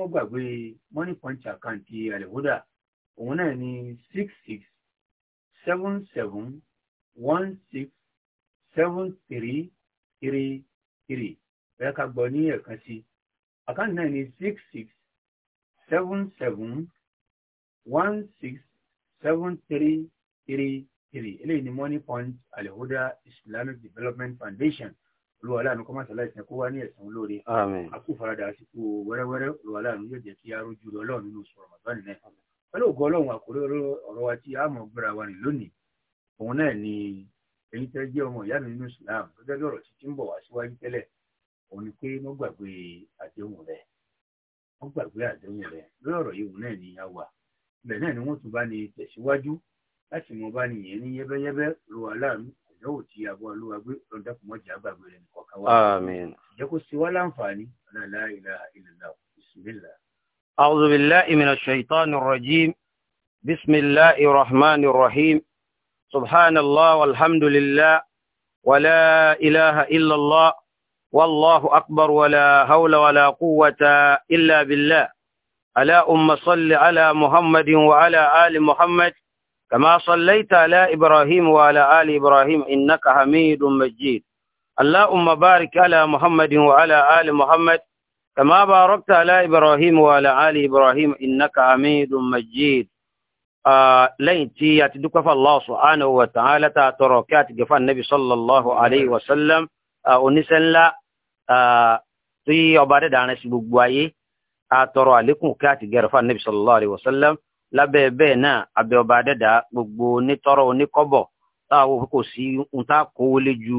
mọ́ gbàgbé money punch àkáǹtì àlèhódà òun náà ní six six seven seven one six seven three three three bẹ́ẹ̀ ká gbọ́ ní ẹ̀ẹ̀kan sí àkáǹtì náà ní six six seven seven one six seven three three three eléyìí ni money punch àlèhódà Islamic Development Foundation. olúwa láàánú kọ́ máṣe láìsàn kó wá ní ẹ̀sán da àkúfaradà àsìkò wẹ́rẹ́wẹ́rẹ́ olúwa láàánú yóò a rójú ọlọ́run nínú oṣù ramadan náà pẹ̀lú ògo ọlọ́run àkórí ọ̀rọ̀ wa tí a mọ̀ gbéra wa ni èyí tẹ́ jẹ́ ọmọ ìyá mi nínú islam gẹ́gẹ́ bí ọ̀rọ̀ títí ń bọ̀ wá síwájú tẹ́lẹ̀ òun ni ni láti àtàdánwò tí àbọ̀ olúwa gbé ọ̀dọ́kùn mọ́jà gbàgbé rẹ̀ nìkan kan wá. àmín. jẹ́ kó ṣe wá láǹfààní la ilaha illallah bismillah. a'udhu billahi minash shaitanir rajim bismillahir rahmanir rahim subhanallah walhamdulillah wala ilaha illallah wallahu akbar wala hawla wala quwwata illa billah ala umma salli ala muhammadin wa ala ali muhammad. كما صليت على إبراهيم وعلى آل إبراهيم إنك حميد مجيد اللهم بارك على محمد وعلى آل محمد كما باركت على إبراهيم وعلى آل إبراهيم إنك حميد مجيد آه لين تي يتدك فالله سبحانه وتعالى تركات جفا النبي صلى الله عليه وسلم ونسن لا تي عبادة دانا سبقوا أترى لكم كات جرفا النبي صلى الله عليه وسلم lábẹ́ bẹ́ẹ̀ náà abẹ́ ọba adẹ́dá gbogbo onítọ́rọ̀ oníkọ́bọ̀ táwọn òfin kò sí ń tá kó wọlé ju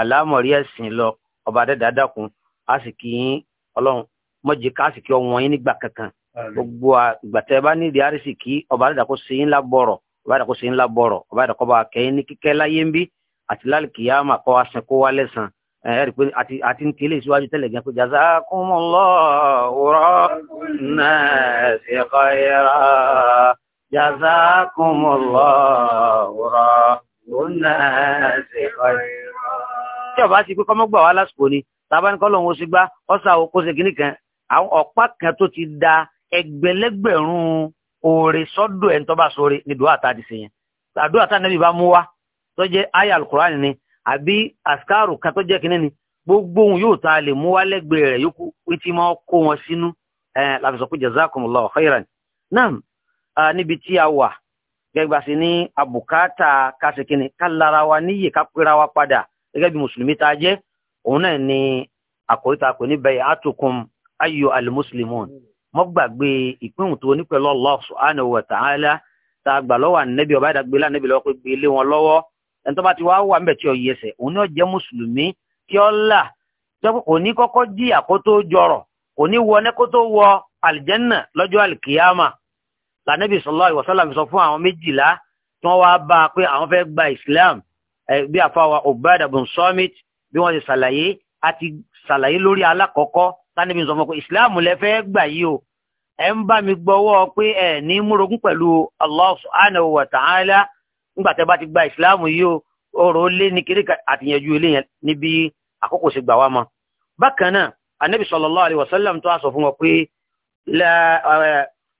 àlámọ̀rí ẹ̀sìn lọ ọba adẹ́dá dákun á sì kí yín ọlọ́run mọ̀jì ká sì kí ọwọ́n yín nígbà kankan gbogbo ìgbà tẹ́ bá nídìí àrísì kí ọba adẹ́dá kó sí yín lábọ̀rọ̀ ọba adẹ́dá kó sí yín lábọ̀rọ̀ ọba adẹ́dá kó bá kẹ́yìn ní kíkẹ́ láyé ń bí àti lálùkìyàmà kọ́ wa sàn kó wa lẹ́sàn-án ẹ̀rí pé àti ń kílé ìṣíwájú tẹ́lẹ̀ gan pé jazakumullahu rabbun-nasi khayra jazakumullahu rabbun-nasi khayra. tí ọba ti pé kọ́mọ́ gbà wá lásìkò ni tàbá ní kọ́lọ̀ òun ó sì gbá ọ̀sà òkú ṣe kínní kan àwọn ọ̀pá kan tó ti da ẹgbẹ̀lẹ́gbẹ̀rún oore sọ́dọ̀ ẹ̀ ń tọ́ bá sọ àbí àsìkáàrù kan tó jẹ́ kínní ni gbogbo ohun yóò ta lè mú wá lẹ́gbẹ̀ẹ́ rẹ̀ yókù pé máa kó wọn sínú láti sọ pé jazakumullahu khairan naam níbi tí a wà gẹ́gbà sí ní àbùkátà kásìkínní ká lára wa níyè ká pera wa padà gẹ́gẹ́ bí mùsùlùmí tá jẹ́ òun náà ni àkòrí tá a pè ní bay'atukum ayyu al-muslimun mọ́ gbàgbé ìpínhùn tó ní pẹ̀lú Allah subhanahu wa ta'ala tá a gbà lọ́wọ́ ànẹ́bí ọba ìdàgbélé ànẹ́bí lọ́wọ́ pé gbélé wọn lọ́wọ́ ẹni tó bá ti wá wà ń bẹ̀ tí ó yẹ ẹsẹ̀ òun náà jẹ́ mùsùlùmí tí ó là kò ní kọ́kọ́ jìyà kó tó jọrọ̀ kò ní wọ ní kó tó wọ àlìjẹ́nà lọ́jọ́ àlìkìyàmà lànàbì sọlá ìwọ̀sọ́lá mi sọ fún àwọn méjìlá tí wọ́n wá bá a pé àwọn fẹ́ gba Islam bí àfàwà Ubada bun Samit bí wọ́n ti ṣàlàyé àti ṣàlàyé lórí alákọ̀ọ́kọ́ tánàbì sọ pé Islam lẹ fẹ́ gbà yìí o ẹ ń bá mi gbọ́wọ́ pé ẹ ní múrogún pẹ̀lú Allah subhanahu wa ta'ala nígbà tẹ́ bá ti gba ìsìláàmù yìí o ọ̀rọ̀ lé ní kiri àtìyànjú ilé yẹn níbi àkókò sì gbà wá mọ́ bákan náà anabi sallallahu alaihi wasallam tó a sọ fún wọn pé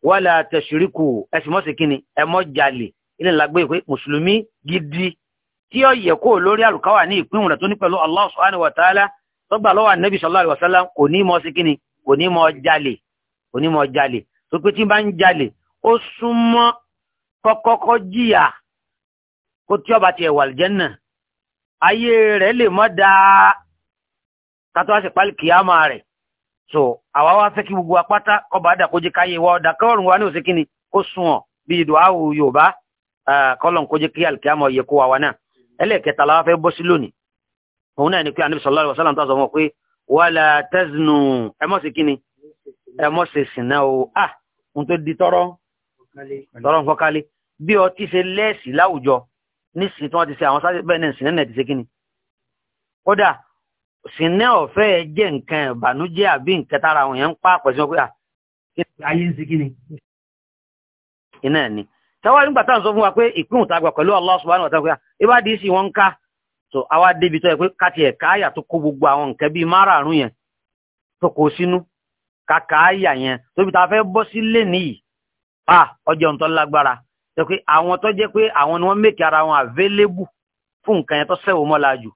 wala tashriku ẹsìn mọ́sí kínni ẹmọ́ jalè ilé lágbé pé mùsùlùmí gidi tí ó yẹ kó lórí àlùkáwà ní ìpín rẹ̀ tó ní pẹ̀lú Allah subhanahu wa ta'ala tó gbà lọ́wọ́ anabi sallallahu alaihi wasallam kò ní mọ́ sí kínni kò ní mọ́ jalè kò ní mọ́ jalè tó pé tí bá ń jalè ó súnmọ́ kọ́kọ́kọ́ jìyà kó tí ọba tiẹ̀ wà lìjẹ́nà ayé rẹ̀ lè mọ́ dáa kátó wá sí pálí kìámà rẹ̀ so àwa wá fẹ́ kí gbogbo apáta kọba àdàkójẹ káyé wa ọ̀dà kọ́rùn wa ní òsì kíni kó sùn ọ̀ bí ìdò àwò yorùbá kọ́lọ̀ kójẹ kí alìkìámà yẹ kó wa wa náà ẹlẹ́ẹ̀kẹta la fẹ́ bọ́ sí lónìí òun náà ni pé anabi sallallahu alaihi wasallam tó sọ fún ọ pé wàlà tẹ́sínù ẹ mọ̀ sí kíni ẹ sí sìnà o ah n tó di tọrọ tọrọ nǹkan kálí bí ọtí ṣe lẹ́ẹ̀sì láwùjọ nísìnyí tí wọ́n ti ṣe àwọn sáré bẹ́ẹ̀ náà sìnẹ́ náà ti ṣe kí ni. kódà sìnẹ́ ọ̀fẹ́ jẹ́ nǹkan ìbànújẹ́ àbí nǹkan tára àwọn èèyàn ń pa àpẹ̀sí wọn à ayé ń ṣe kí ni. iná ẹ̀ ni táwa nígbà táwọn sọ fún wa pé ìpín òtá àgbà pẹ̀lú Allah subhanahu wa ta'ala ibà dì í sì wọ́n ń ká so àwa débi tó yẹ pé káti ẹ̀ka àyà tó kó gbogbo àwọn nǹkan bíi márààrún yẹn tó kó sínú kàkà àyà yẹn tóbi tá a fẹ́ bọ́ sí lẹ́nìí ah ọjọ́ ń lágbára jẹ́ pé àwọn tó jẹ́ pé àwọn ni wọ́n mèkì ara wọn available fún nǹkan yẹn tó sẹ́wọ̀ mọ́la jù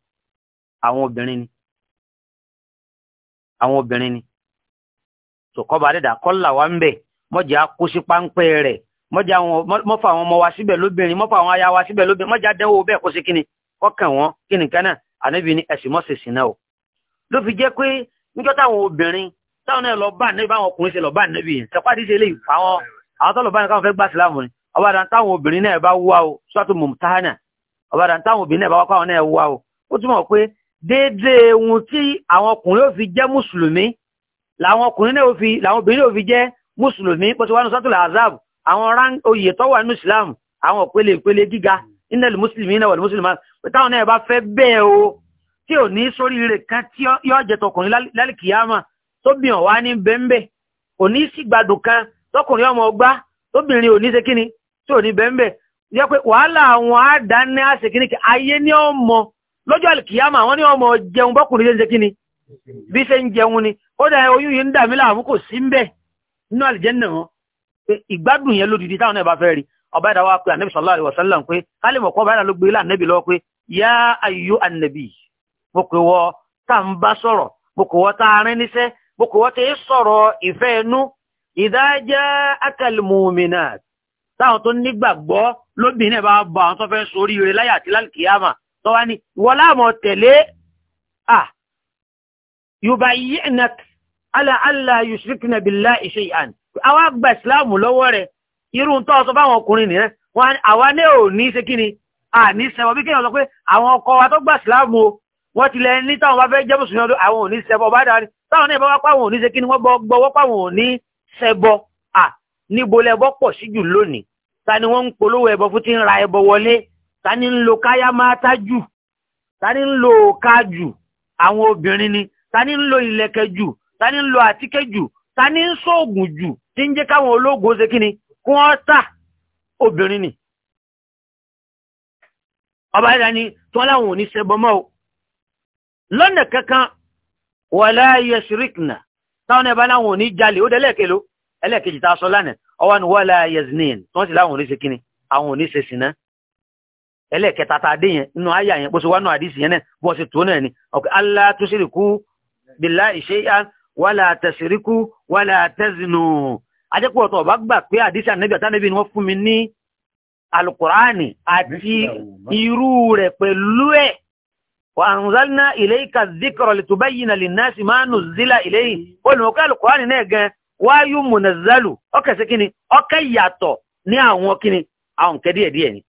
àwọn obìnrin ni àwọn obìnrin ni tòkọ́ba dẹ́dà kọ́là wa ń bẹ̀ mọ́jà kó sí páńpẹ́ rẹ̀ mọ́jà àwọn mọ́fà àwọn ọmọ wa síbẹ̀ lóbìnrin mọ́fà àwọn aya wa síbẹ̀ lóbìnrin mọ́jà dẹ́wọ́ bẹ́ẹ̀ kó sí kíni kọ́kàn wọn kíni kan náà ànábì ni ẹ̀sìn mọ́sẹ̀sìn náà o ló fi jẹ́ pé níjọ́ táwọn obìnrin táwọn náà lọ bá ànábì báwọn ọkùnrin ṣe lọ bá ànábì yẹn sẹ́pàdé ṣe lè fà wọn àwọn tó lọ bá ànábì káwọn fẹ́ gbà sílámù ni ọba dàn táwọn obìnrin náà bá wá o sọ́tún mùtáhánà ọba dàn táwọn obìnrin náà bá wá káwọn náà wá o ó túmọ̀ pé déédéé ohun tí àwọn ọkùnrin ó fi jẹ́ mùsùlùmí làwọn ọkùnrin náà ó fi làwọn obìnrin náà fi jẹ́ mùsùlùmí pọ̀ sí wánú sọ́tún làzab àwọn rán oyè tó wà nínú islam àwọn òpele ìpele gíga iná lè mùsùlùmí náà wà lè mùsùlùmí pé táwọn náà bá fẹ́ bẹ́ẹ̀ o tí ò ní sórí rẹ̀ kan tí yóò jẹ tọkùnrin lálìkìyàmà tó bìyàn wá ní bẹ́ńbẹ́ kò tí ò ní bẹ́ẹ̀ yẹ pé wàhálà àwọn àdáni àṣekínìkì ayé ní ọmọ lọ́jọ́ àlìkìyàmà àwọn ní ọmọ jẹun bọ́kùnrin ṣe ń ṣe kíni bí ṣe ń jẹun ni ó dá oyún yìí ń dà mí láàmú kò sí ń bẹ̀ nínú àlìjẹ́nà wọn pé ìgbádùn yẹn lódìdí táwọn náà bá fẹ́ rí ọba ìdáwà pé wasallam pé kálí mọ̀kọ́ ọba ìdáwà ló gbé lọ pé yá mo pè táwọn tó nígbàgbọ́ lóbìnrin bá bọ àwọn tó fẹ́ sórí rẹ̀ láyà àti lálùkìyàmà tó wá ní wọ́n láàmọ̀ tẹ̀lé à yorùbá yí ẹ̀nà aláàlá yusrikna billahi shay'an àwa gba ìsìláàmù lọ́wọ́ rẹ̀ irú tó sọ fáwọn ọkùnrin nìyẹn wọn àwa ní ò ní ṣe kí ni à ní ṣẹbọ bí kéèyàn sọ pé àwọn ọkọ wa tó gba ìsìláàmù o wọ́n ti ní táwọn bá fẹ́ jẹ́ mùsùlùmí ọdún àwọn ò ní ṣẹbọ bá dáa ni táwọn náà bá wá pàwọn ò ní ṣe kí ni wọ́n gbọ́wọ́ pàwọn ò ní ṣẹbọ níbo lẹbọ pọ̀ sí jù lónìí ta ni wọ́n ń polówó ẹbọ fún ti ń ra ẹbọ wọlé ta ni ń lo káyá máa tá jù ta ni ń lo òka jù àwọn obìnrin ni ta ni ń lo ìlẹ̀kẹ̀ jù ta ni ń lo àtíkè jù ta ni ń ṣoògùn jù tí ń jẹ́ káwọn ológun ṣe kí ni kí wọ́n tà obìnrin ni. ọba ẹ̀dá ni tí wọ́n láwọn ò ní ṣẹbọ mọ́ o lọ́nà kankan wala yashrikna táwọn ẹ̀bá láwọn ò ní jalè ó dẹ́lẹ́kẹ̀ ẹlẹ́ẹ̀kejì tá a sọ lánàá ọwọ́ ni wọ́lá yeznin tí wọ́n sì láwọn oníṣe kíni àwọn oníṣe sìnà ẹlẹ́ẹ̀kẹta tá a dé yẹn nínú àyà yẹn bó ṣe wá nù àdìsí yẹn náà bó ṣe tó náà ni ọkọ Allah tushriku billahi shay'an wọ́lá tasriku wọ́lá tazinu ajẹ́pọ̀ ọ̀tọ̀ ọba gbà pé àdìsí ànábì àtànábì wọ́n fún mi ní alukurani àti irú rẹ̀ pẹ̀lú ẹ̀ wa anzalna ilayka dhikra litubayyina linnasi ma nuzzila olùmọ̀kọ́ alukurani náà gan wáyú mùnàzálù ọkẹ̀ sí kíni ọkẹ̀ yàtọ̀ ní àwọn kíni àwọn nǹkẹ́ díẹ̀ díẹ̀ ni.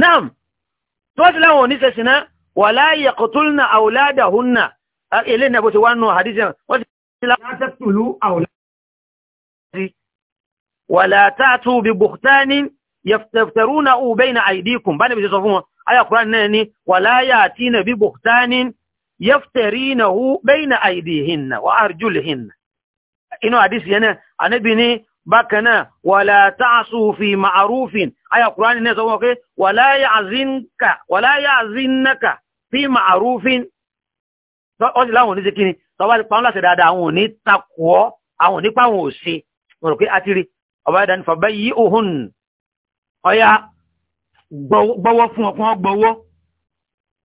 naam tó ti láwọn oníṣẹ́ sinna wà láyé kòtúlùnà àwòládà húnnà ilé ní ẹgbẹ́ ti wá nù àdíṣẹ́ wọ́n ti láwọn wàlá tààtù bí bùhtání yaftaruna ubayna aydikum bá níbi ti sọ fún wọn aya Qur'an náà ni wàlá ya'tina bí bùhtání yaftarinahu bayna aydihinna wa arjulihinna inú àdísì yẹn náà ànábì ní bákan náà wàlá tààsù fi ma'arufin aya kùránì náà sọ́wọ́ pé wàlá ya'zinnaka fi ma'arufin ó sì láwọn oníṣe kíni tọ́wọ́ ti pàwọn láti dáadáa àwọn òní takọ̀ àwọn òní pàwọn òṣe mọ̀rọ̀ pé àtìrí ọba ìdáni fàbá yí òhun ọya gbọ́wọ́ fún ọkùn ọgbọ́wọ́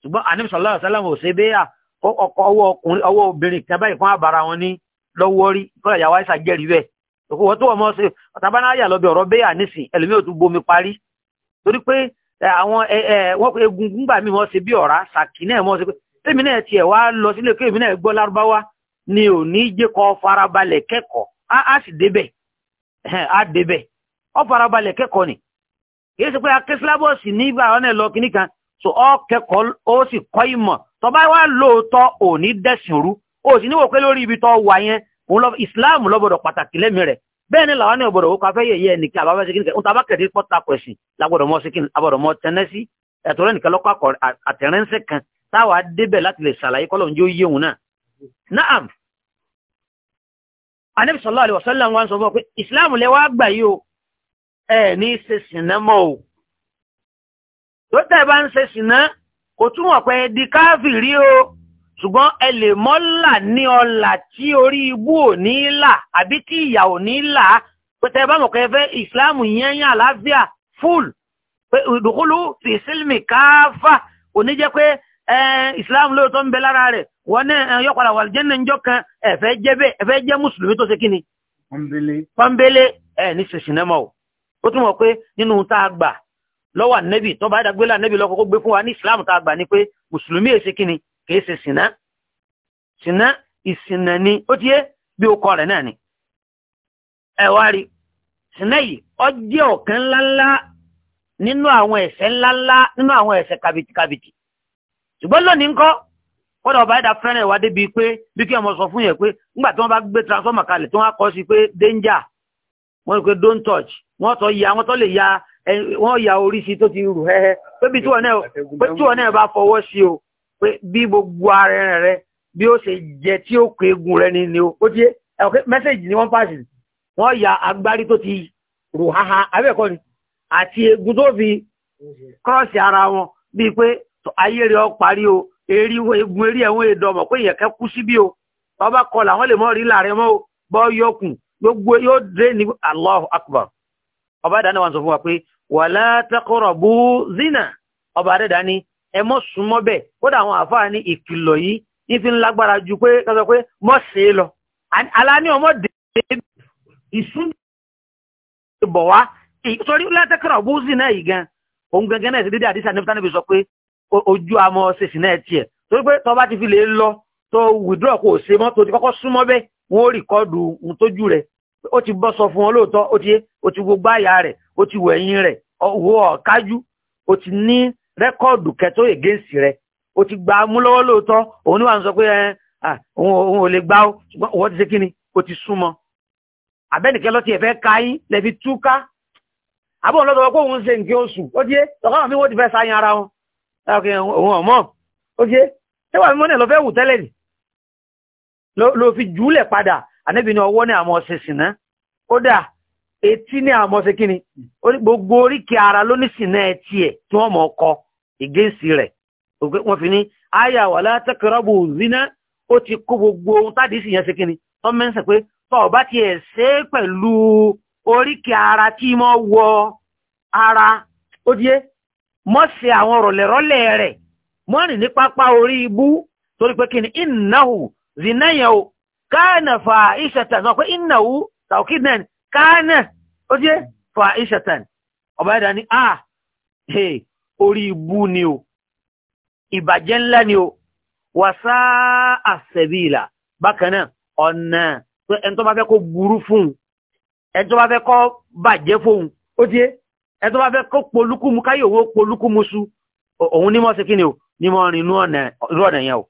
ṣùgbọ́n àníbìsọ̀lọ́rọ̀ báyìí lọ́wọ́ rí bọ́lá ìyàwó àìsà jẹ́rì rẹ̀ òkú wọ́n tó wọ́n mọ́ sí ọ̀tàbánáyà lọ́bẹ̀ ọ̀rọ̀ bẹ́yà nísìn ẹlòmí ò tún bomi parí torí pé àwọn wọ́n pe egungun gbà mí wọ́n ṣe bí ọ̀rá sàkí náà mọ́ sí pé tèmi náà tiẹ̀ wá lọ sílé pé èmi náà gbọ́ lárúbáwá ni ò ní jẹ́ kó farabalẹ̀ kẹ́kọ̀ọ́ á sì débẹ̀ á débẹ̀ ó farabalẹ̀ kẹ́kọ̀ọ́ ni kìí ṣe pé akẹ́sílábọ̀sì nígbà ọ̀nà ẹ̀lọ kìíní kan so ọ kẹ́kọ̀ọ́ ó sì kọ́ ìmọ̀ tọ́ba wá lóòótọ́ òní dẹ̀sìn rú o sì níwò pé lórí ibi tó wà yẹn islam lọ́gbọ̀dọ̀ pàtàkì lẹ́mìí rẹ̀ bẹ́ẹ̀ ni làwọn náà gbọ́dọ̀ wọ́n káfẹ́ yẹ̀yẹ́ ẹnìkan àbáfẹ́ sí kíníkẹ́ òǹtà abákẹ́dé pọ́tà pẹ̀sìn lágbọ́dọ̀ mọ́ sí kíní àbọ̀dọ̀ mọ́ tẹ́nẹ́sí ẹ̀tọ́ rẹ̀ nìkan lọ́kọ̀ àtẹ̀rẹ́nsẹ̀ kan táwa débẹ̀ láti lè ṣàlàyé kọ́lọ̀ njó yé òun náà. naam anabi sallallahu alaihi wasallam wa sọ fún ọ pé islam lẹ wá gbà yìí o ẹ ní ṣe sìnà mọ́ o tó tẹ̀ bá ń ṣe sìnà kò túmọ̀ pé di káfìrí o ṣùgbọ́n ẹ lè mọ́ là ní ọlà tí orí ibú ò ní là àbí tí ìyà ò ní là pẹ̀tẹ́ bá mọ̀ kẹfẹ́ ìsìláàmù yẹn yẹn àlàáfíà fúl pé ìdókòlù fi sílmì káfà ò ní jẹ́ pé ìsìláàmù lóòótọ́ ń bẹ lára rẹ̀ wọ́n náà yọ wà jẹ́ nàìjọ́ kan ẹ̀fẹ́ jẹ́ bẹ́ẹ̀ ẹ̀fẹ́ jẹ́ mùsùlùmí tó ṣe kí ni. pọ́nbélé ẹ̀ ní ṣèṣì náà mọ̀ ó tún mọ̀ pé nínú tá kìí ṣe sìnà sìnà ìsìnà ni ó ti yé bí ó kọ rẹ̀ náà ni ẹ wá rí sìnà yìí ó jẹ́ ọ̀kan ńláńlá nínú àwọn ẹ̀ṣẹ̀ ńláńlá nínú àwọn ẹ̀ṣẹ̀ kàbìtìkàbìtì ṣùgbọ́n lónìí ńkọ́ kọ́dọ̀ ọba ẹ̀dá fẹ́ràn ìwà débi pé bí kí ọmọ sọ fún yẹn pé nígbà tí wọ́n bá gbé transformer kalẹ̀ tí wọ́n kọ́ sí pé danger wọ́n pé don't touch wọ́n tọ́ ya wọ́n tọ́ lè ya wọ́n ya oríṣi tó ti rù hẹ́hẹ́ pé bí tíwọ́n náà bá fọwọ́ sí o pé bí gbogbo ara ẹran rẹ bí ó ṣe jẹ tí ó kó egun rẹ ni ni ó ti ẹ mẹ́sẹ̀jì ni wọ́n pàṣẹ wọ́n ya agbárí tó ti rò haha abẹ́ẹ̀kọ́ ni àti egun tó fi kọ́ọ̀sì ara wọn bíi pé ayé rẹ̀ ọ parí o èrí egun eré ẹ̀wọ̀n èdọ̀mọ̀ pé ìyẹn kẹ́ kú síbí o bàbá kọlà wọ́n lè mọ́ rí láàrin mọ́ o bọ́ yọkùn gbogbo yóò dé ní Allahu Akbar ọba dáná wa sọ fún wa pé wala taqrabu zina ọba adẹ́dá ní ẹ mọ́ súnmọ́ bẹ́ẹ̀ kódà àwọn àfáà ní ìkìlọ̀ yìí ní fi ń lágbára ju pé kọ́sọ́ pé mọ́ ṣe é lọ aláàní ọmọ dèbè ìsúndì bọ̀ wá sórí látẹ́kọ̀rọ̀ búùsì náà yìí gan òun gangan náà sì dédé àdísà nípa níbi sọ pé ojú amọ̀ ṣèṣì náà tiẹ̀ torí pé tọ́ bá ti fi lè lọ tó wìdúrọ̀ kò ṣe mọ́ tó ti kọ́kọ́ súnmọ́ bẹ́ẹ̀ wọ́n ó rìkọ́dù ohun tójú rẹ̀ ó ti bọ́ sọ fún wọn lóòótọ́ ó ti gbogbo àyà rẹ̀ ó ti wẹ̀yìn rẹ̀ ọwọ́ ọ̀kájú ó ti ní rẹ́kọ́ọ̀dù kẹtó ègéǹsì rẹ o ti gba amúlọ́wọ́ lóòótọ́ òun níwà ń sọ pé òun ò lè gbá ó ṣùgbọ́n òun ti ṣe kí ni o ti súnmọ́ abẹ́nìkẹ́ lọ́ti ẹ̀fẹ́ káyín lẹ́fi túká àbọ̀ lọ́dọ̀ wọ́n pé òun ṣe nǹkan oṣù ó jẹ́ tọ́kọ́ àwọn mi wọ́n ti fẹ́ sáyìn ara wọn òun ọ̀mọ́ ó jẹ́ ṣé wàá mímọ́ náà lọ fẹ́ wù tẹ́lẹ̀ nì ló fi jùúlẹ̀ padà ànábì ní ọwọ́ ní àmọ́ ọ̀sẹ̀ sìnà kódà etí ní àmọ́ ọ̀sẹ̀ kíni gbogbo oríkèé ara ló ní sìnà ẹ̀ tiẹ̀ tí wọ́n mọ̀ ọkọ̀ ìgéèsì rẹ̀ wọ́n fi ní àyà wà zina ó ti kó gbogbo ohun tádìí sì yẹn ṣe kíni wọ́n mẹ́sàn pé tọ́ bá ti ẹ̀ pẹ̀lú oríkì ara tí mọ́ wọ ara ó díé mọ́ ṣe àwọn rọ̀lẹ̀rọ̀lẹ̀ rẹ̀ mọ́ rìn ní pápá orí ibú torí pé kíni ìnáhù zina yẹn o káànà fa ìṣẹ̀tàn sọ pé ìnáhù tàókìdàn káànà ó díé fa ìṣẹ̀tàn ọ̀bá ẹ̀dá ni ah hey orí ibú ni o ìbàjẹ́ ńlá ni o wàsá àṣẹ̀bìlà bákan náà ọ̀nà ẹni tó bá fẹ́ kó burú fún un ẹni tó bá fẹ́ kó bàjẹ́ fóun ó tiẹ̀ ẹni tó bá fẹ́ kó polúkúmu káyé òwò polúkúmu su òun ní mọ́ sí kíni o ní mọ́ rin inú ọ̀nà yẹn o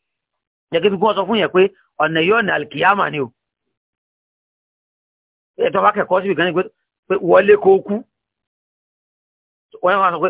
jẹ́kí bí wọ́n sọ fún yẹn pé ọ̀nà yóò nà alkiyama ni o ẹ̀tọ́ bá kẹ́kọ̀ọ́ sí ìgbẹ́ni pé wọlé kó kú wọ́n yẹn wọ́n sọ pé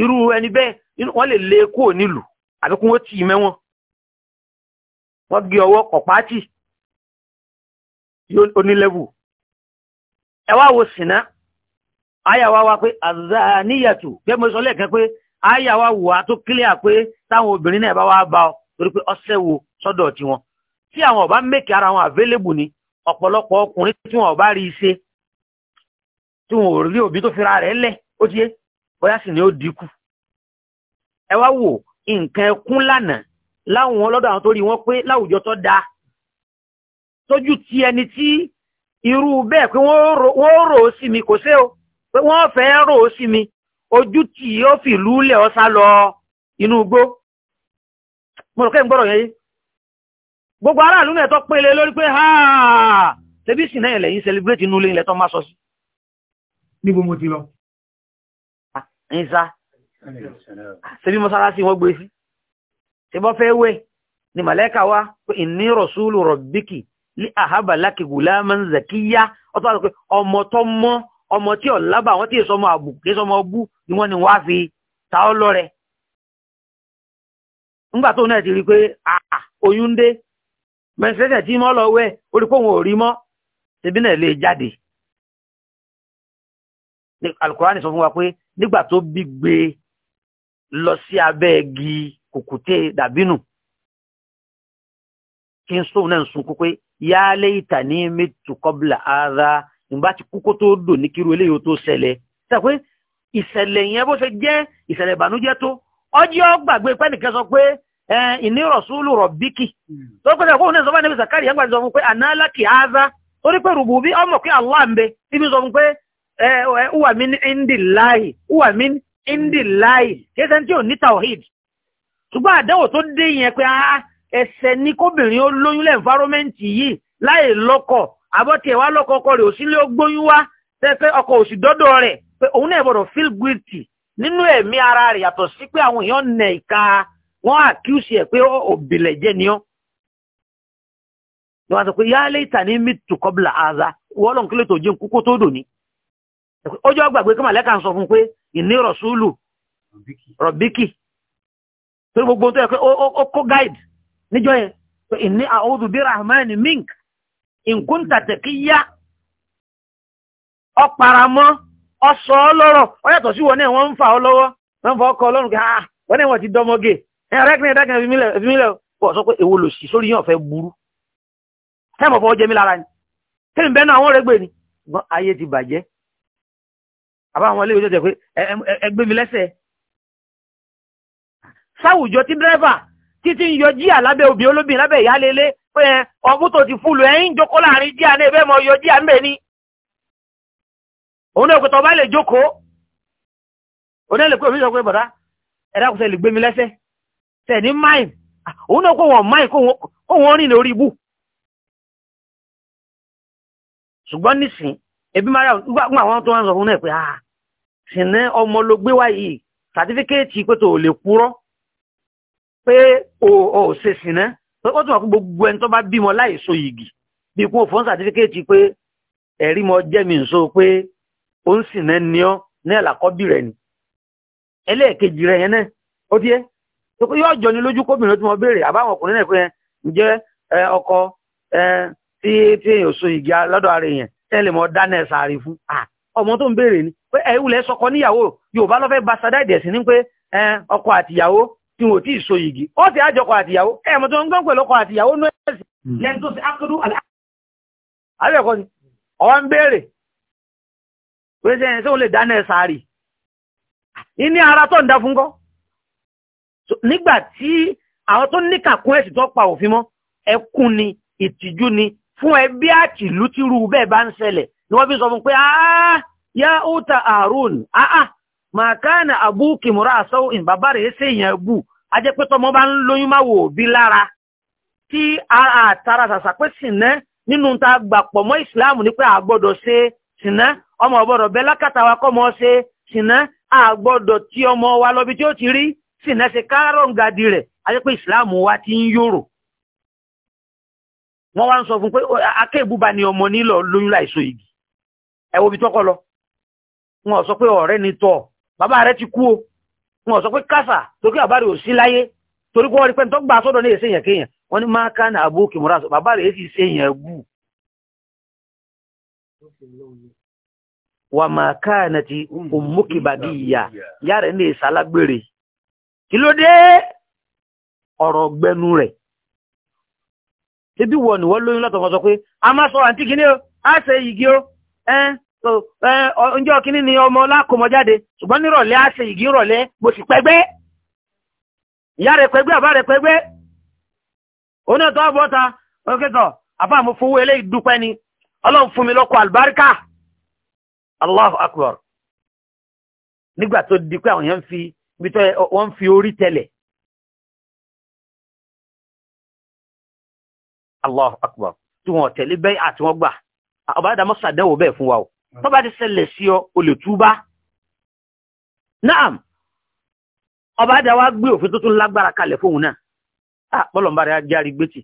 irú ẹni bẹ́ẹ̀ wọ́n lè lé e kúrò nílùú àbíkún ó tì í mẹ́wọ̀n wọ́n gé ọwọ́ kọ̀pátì onílẹ́wù ẹ wá wo sìnà àyà wa wá pé àzáníyàtù bẹ́ẹ̀ mo sọ lẹ́ẹ̀kan pé àyà wa wò á tó kílíà pé táwọn obìnrin náà bá wá bá ọ torí pé ọsẹ wo sọ́dọ̀ tiwọn tí àwọn ọba mẹkẹ ara wọn àvélébù ni ọ̀pọ̀lọpọ̀ ọkùnrin tí wọn ọba rí i ṣe tí wọn ò rí òbí tó fira rẹ̀ lẹ ó ti yé bóyá sì ni ó dínkù ẹ wá wò nǹkan ẹkún lánàá láwọn ọlọ́dọ̀ àwọn tó rí wọn pé láwùjọ tó dáa tójú ti ẹni tí irú bẹ́ẹ̀ pé wọ́n rò ó sí mi kò sé o pé wọ́n fẹ́ rò ó sí mi ojú tí ó fi lúlẹ̀ ọ sá lọ inú igbó mo rò kẹ́ ń yẹn gbogbo aráàlú náà tó pélé lórí pé ha ṣebí sì náà ilẹ̀ yìí celebrate inú ilé ilẹ̀ tó má sọ sí. níbo mo ti lọ ìsá ṣebí mọ́sálásí wọ́n gbé sí ṣe bọ́ fẹ́ wé ni màlẹ́kà wá pé ìní rọ̀súlù rọ̀bíkì lí àhábà lákì gùlámán zakiya ọtọ́ àti pé ọmọ tó mọ́ ọmọ tí ọ̀ lábà wọ́n tí èsọmọ àbù kí èsọmọ ọbú ni wọ́n ni wá fi ta ọ́ lọ́rẹ nígbà tó náà ti rí pé àà oyún dé mẹsẹ̀sẹ̀ tí mọ́ lọ wẹ́ orí pòun ò rí mọ́ ṣebí náà lè jáde Al-Qur'ani sọ fún wa pé nígbà tó bí gbé lọ sí abẹ́ igi kùkùté dàbínù kí n sóun náà ń sun kópé yálé ìtà ní mẹ́tù ara ìgbà tí kókó tó dò ní kírú eléyìí tó ṣẹlẹ̀ sẹ́pẹ́ ìṣẹ̀lẹ̀ yẹn bó ṣe jẹ́ ìṣẹ̀lẹ̀ ìbànújẹ́ tó ọjọ́ gbàgbé sọ pé rọ̀bíkì hmm. tó sàkárì yẹn gbàdúrà sọ fún pé àná torí pé rùbùbí ọmọ pé sọ fún pé ụwa mi ní indillahi wà mí indillahi kéṣẹ́ tí ò ní tawhid ṣùgbọ́n àdánwò tó dé yẹn pé ẹsẹ̀ ni kóbìnrin ó lóyún lẹ́ ẹnfárómẹ́ǹtì yìí láì lọ́kọ àbọ̀tì ẹ̀wá lọ́kọ ọkọ rẹ̀ òsínlẹ̀ dodo gbóyún wá pé ọkọ òsì dọ́dọ̀ rẹ̀ feel guilty nínú ẹ̀mí ara rẹ̀ yàtọ̀ sí pé àwọn èèyàn nẹ̀ ìka wọ́n accuse ẹ̀ pé òbílẹ̀ jẹ́ ni ọ́ sọ pé yálé ìtàní mi tù kọ́bìlà tó ojú ọgbàgbé kí màlẹ́kà ń sọ fún pé ìní rọ̀súlù rọ̀bíkì tó gbogbo tó yẹ pé ó kó guide níjọ́ yẹn pé ìní àwùdù bí rahman mink nkúntà tẹ̀kíyá ọ̀paramọ́ ọ̀sọ̀ ọlọ́rọ̀ sí wọn náà ń fà ọ lọ́wọ́ ń fọ ọkọ̀ ọlọ́run kí ah, wọ́n náà ti dọ́mọ́gè ẹ̀yà rẹ́kìnrin fi mílẹ̀ pọ̀ sọ pé èwo lò sí sórí yàn fẹ́ burú tẹ́mọ̀ àbá àwọn iléèwé tó jẹ́ pé ẹgbẹ́ mi lẹ́sẹ̀ sáwùjọ tí dírẹ́fà títí ń yọ jíà lábẹ́ obìnrin olóbìnrin lábẹ́ ìyá lélé pé ọmú tó ti fúlù ẹ̀yìn jókòó láàrin jíà náà ẹ̀bẹ́ mọ yọ jíà ńbẹ̀ ni òun náà kò tọ́ bá lè jókòó òun náà lè pé òmìnira pé bọ̀dá ẹ̀dá kò sẹ́ lè gbé mi lẹ́sẹ̀ sẹ́ ní máìn òun náà kò wọ́n máìn kó rìn lórí ibú ṣùgbọ́n nísìn ebi mara nígbà àwọn tó wá sọ fún náà pé ah ṣìnà ọmọ ló gbé wá yìí sàtífíkẹ́ẹ̀tì pé tó lè purọ́ pé o ò ṣe ṣìnà pé ó tún wà fún gbogbo ẹni tó bá bímọ láì so yìgì bí kún òfin sàtífíkẹ́ẹ̀tì pé ẹ̀rí mọ jẹ́mi nso pé ó ń ṣìnà ní ọ ní ẹ̀làkọ́bì rẹ̀ ni ẹlẹ́ẹ̀kejì rẹ̀ yẹn náà ó díẹ̀ yóò jọ ní lójú kóbìnrin tó mọ béèrè àbáwọn ọkùnrin náà pé ǹjẹ́ ọkọ tí èèyàn so yìgì lọ́dọ̀ ara èèyàn tẹ́lẹ̀ mọ́ dáná ẹ̀ sàárì fún ah ọmọ tó ń béèrè ni pé ẹ ìwúlẹ̀ sọkọ níyàwó yorùbá bá sadá ìdẹ̀ sí ni pé ọkọ àtìyàwó tí wọn ò tí ì so yìgì ó ti àjọ ọkọ àtìyàwó ẹ mọ̀ tó ń gbọ́n pẹ̀lú ọkọ àtìyàwó ní ẹ̀sìn hmm. lẹ́ni tó ṣe ákúrú àlẹ́kọ́ ni ọwọ́ ń béèrè pé ṣe ẹ̀ ṣé òun lè dáná ẹ̀ sáárì ní ara tó ń dá fún kọ́ nígbà tí àwọn tó níkàkún ẹ̀sìn tó pa òfin mọ́ ẹkún ni ìtìjú ni fún ẹbí àtìlú tírú bẹ́ẹ̀ bá ń ṣẹlẹ̀ ni wọ́n fi sọ fún pé àá yá úta àrùn àá màá káàna a jẹ́ pé tọmọ bá ń lóyún máa wò bí lára tí àtàrà sàṣà pé sìnẹ́ nínú ta gbà pọ̀ mọ́ ìsìláàmù ní pé àgbọ́dọ̀ ṣe sìnẹ́ ọmọ ọ̀bọ̀dọ̀ bẹ kọ́ ti a wọ́n wá ń sọ fún pé ọmọ nílò lóyún láìsọ ẹ bi bí tọ́kọ lọ wọn sọ pé ọ̀rẹ́ ni tọ̀ bàbá rẹ ti kú o wọn sọ pé kásà torí àbárí ò sí láyé torí kó wọ́n rí pé tó gbà sọ́dọ̀ ní èsè yẹn kéèyàn wọ́n ní máa kánà àbó kìmọ̀rá sọ bàbá rẹ̀ èsì ṣe yẹn gù wà máa ti rẹ̀ ní kí ló dé ọ̀rọ̀ gbẹnu rẹ̀ wọ̀ ni wọ́n lóyún lọ́tọ̀ fọ́ sọ pé a Ọjọ́ kínní ni ọmọ lákòmọ jáde ṣùgbọ́n nírọ̀lẹ́ àṣẹ ìgí rọ̀lẹ́ mo sì pẹ́gbẹ́ ìyá rẹ̀ pẹ́gbẹ́ àbá rẹ̀ pẹ́gbẹ́ onítọ́ bọ́ta ọkẹ́tọ̀ àbá mo fowó eléyìí dúpẹ́ ni ọlọ́run fún mi lọ́kọ̀ àlùbáríkà Allahu akbar nígbà tó di pé àwọn èèyàn fi orí tẹ̀lẹ̀ Allahu akbar tí wọ́n tẹ̀lé bẹ́ẹ̀ àti wọ́n ọba àdá mọ́sà dẹ́wò bẹ́ẹ̀ fún wa o tó bá ti ṣẹlẹ̀ sí ọ o lè túbá naam ọba àdá wa gbé òfin tó tún lágbára kalẹ̀ fóun náà à ah, bọ́lọ̀ ń bá rẹ̀ járe gbẹ́tì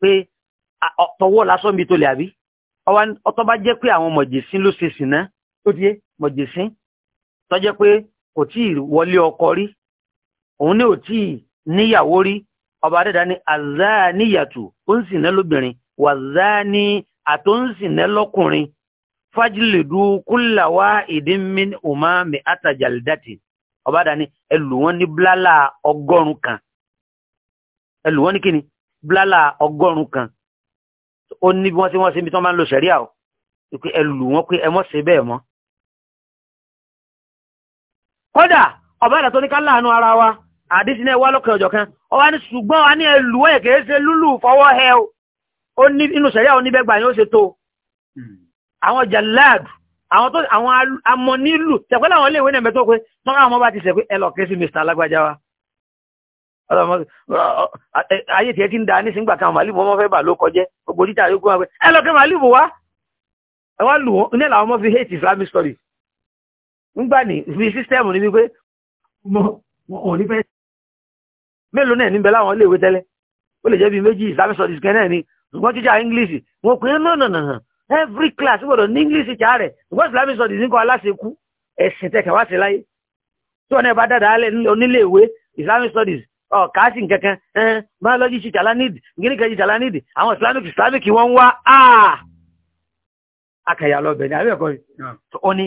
pé tọwọ́ lásán bíi tó lè àbí ọtọ́ bá jẹ́ pé àwọn mọ̀jẹ̀sín ló ṣe sìn náà ó ti yé mọ̀jẹ̀sín tó àtúnṣìnẹ́ lọ́kùnrin fájìlèdú kúláwá ìdínmí ọmọ mi àtàjàlídàtì ọba dání ẹlù wọn ní blálà ọgọ́rùn kan ẹlù wọn ní kíni blálà ọgọ́rùn kan ó ní bí wọ́n ṣe wọ́n ṣe bí tí wọ́n bá ń lo sẹ̀ríà o pé ẹlù wọn pé ẹ mọ́ ṣe bẹ́ẹ̀ mọ́. kódà ọba ìdàtọ́ ní ká láàánú ara wa àdísínà ẹwà lọ́kàn ọjọ́ kan ọba ní ṣùgbọ́n a ní ẹlù wọ́n ṣe lúlù fọwọ́ hẹ́ o inú sẹ̀rí àwọn oníbẹ̀gbà yóò ṣe tó àwọn jàláàdù àwọn tó àwọn amọ̀nílù tẹ̀pẹ́ láwọn ilé ìwé nẹ̀mẹ́ tó pé tọ́ka àwọn ọba ti sẹ̀ pé ẹ lọ mr alágbájá wa ayé tiẹ̀ ti ń da nísìngbà kan màálùbù ọmọ fẹ́ bà ló kọjẹ́ gbogbo títà yókù wọn pé ẹ lọ kẹ́ màálùbù wa ẹ wá lù wọn nílẹ̀ àwọn ọmọ fi hate islamic stories ńgbà ní fi sísítẹ́ẹ̀mù ní wípé wọn ò ní fẹ́ láwọn ilé tẹ́lẹ̀ ó lè jẹ́ bí méjì islamic studies kan náà ni ṣùgbọ́n jíjà english wọn kò yẹn náà nànà every class gbọ́dọ̀ ní english ìjà rẹ̀ ṣùgbọ́n islamic studies nǹkan aláṣekú ẹ̀sìn tẹ̀kẹ̀ wá sí láyé tí wọn náà bá dáadáa alẹ́ onílé ìwé islamic studies kàásì kankan biology ṣì tàlá nídìí gíríkà ṣì tàlá nídìí àwọn islamic islamic wọn wá akàyà lọ bẹ̀rẹ̀ àbẹ̀ ẹ̀kọ́ ọ ní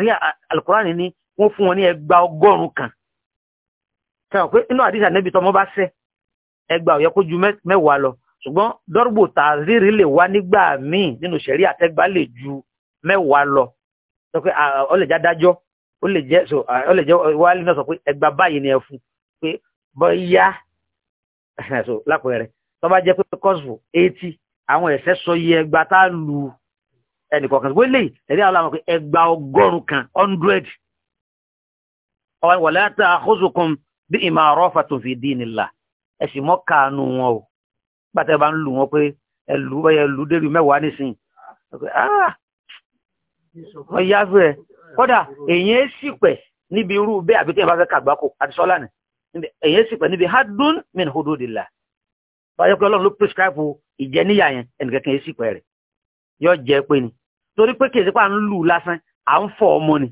rí alukurani ni wọ́n fún wọn ní ẹgbà ọgọ́rùn-ún kan sọ pé inú àdìsá ṣùgbọ́n dọ́rùbù tààzírì lè wá nígbà míì nínú ṣẹ̀rí àtẹ́gbà lè ju mẹ́wàá lọ sọ pé ọ lè já dájọ́ ó lè jẹ́ so ọ lè jẹ́ wálé náà sọ pé ẹgbà báyìí ni ẹ fún pé bọ́yá so lápẹẹrẹ tó bá jẹ́ pé kọ́sùfù eighty àwọn ẹ̀sẹ̀ sọ iye ẹgbà tá a lu ẹnìkọ̀ọ̀kan wọ́n lè ẹ̀rí àwọn àwọn pé ẹgbà ọgọ́rùn kan hundred ọ̀wọ́n wọ̀lẹ́ kan bí ìmọ̀ àrọ́fà tó fi dín ní ẹ̀sìn mọ́ wọn o gbàtẹ́ bá ń lù wọn pé ẹlù bẹ́yẹ lù débi mẹ́wàá nísìn ah! wọ́n yá fẹ́ kódà èyàn sì pẹ̀ níbi irú bẹ́ẹ̀ àbí tí ẹ bá fẹ́ kàgbákò àti sọ́lá ni èyàn sì pẹ̀ níbi hadun min hududillah báyọ̀ pé ọlọ́run ló prescribe ìjẹníyà yẹn ẹnìkẹ́kẹ́ yẹn sì pẹ̀ rẹ̀ yọ jẹ́ pé ni torí pé kìí sípà ń lù lásán à ń fọ ọmọ ni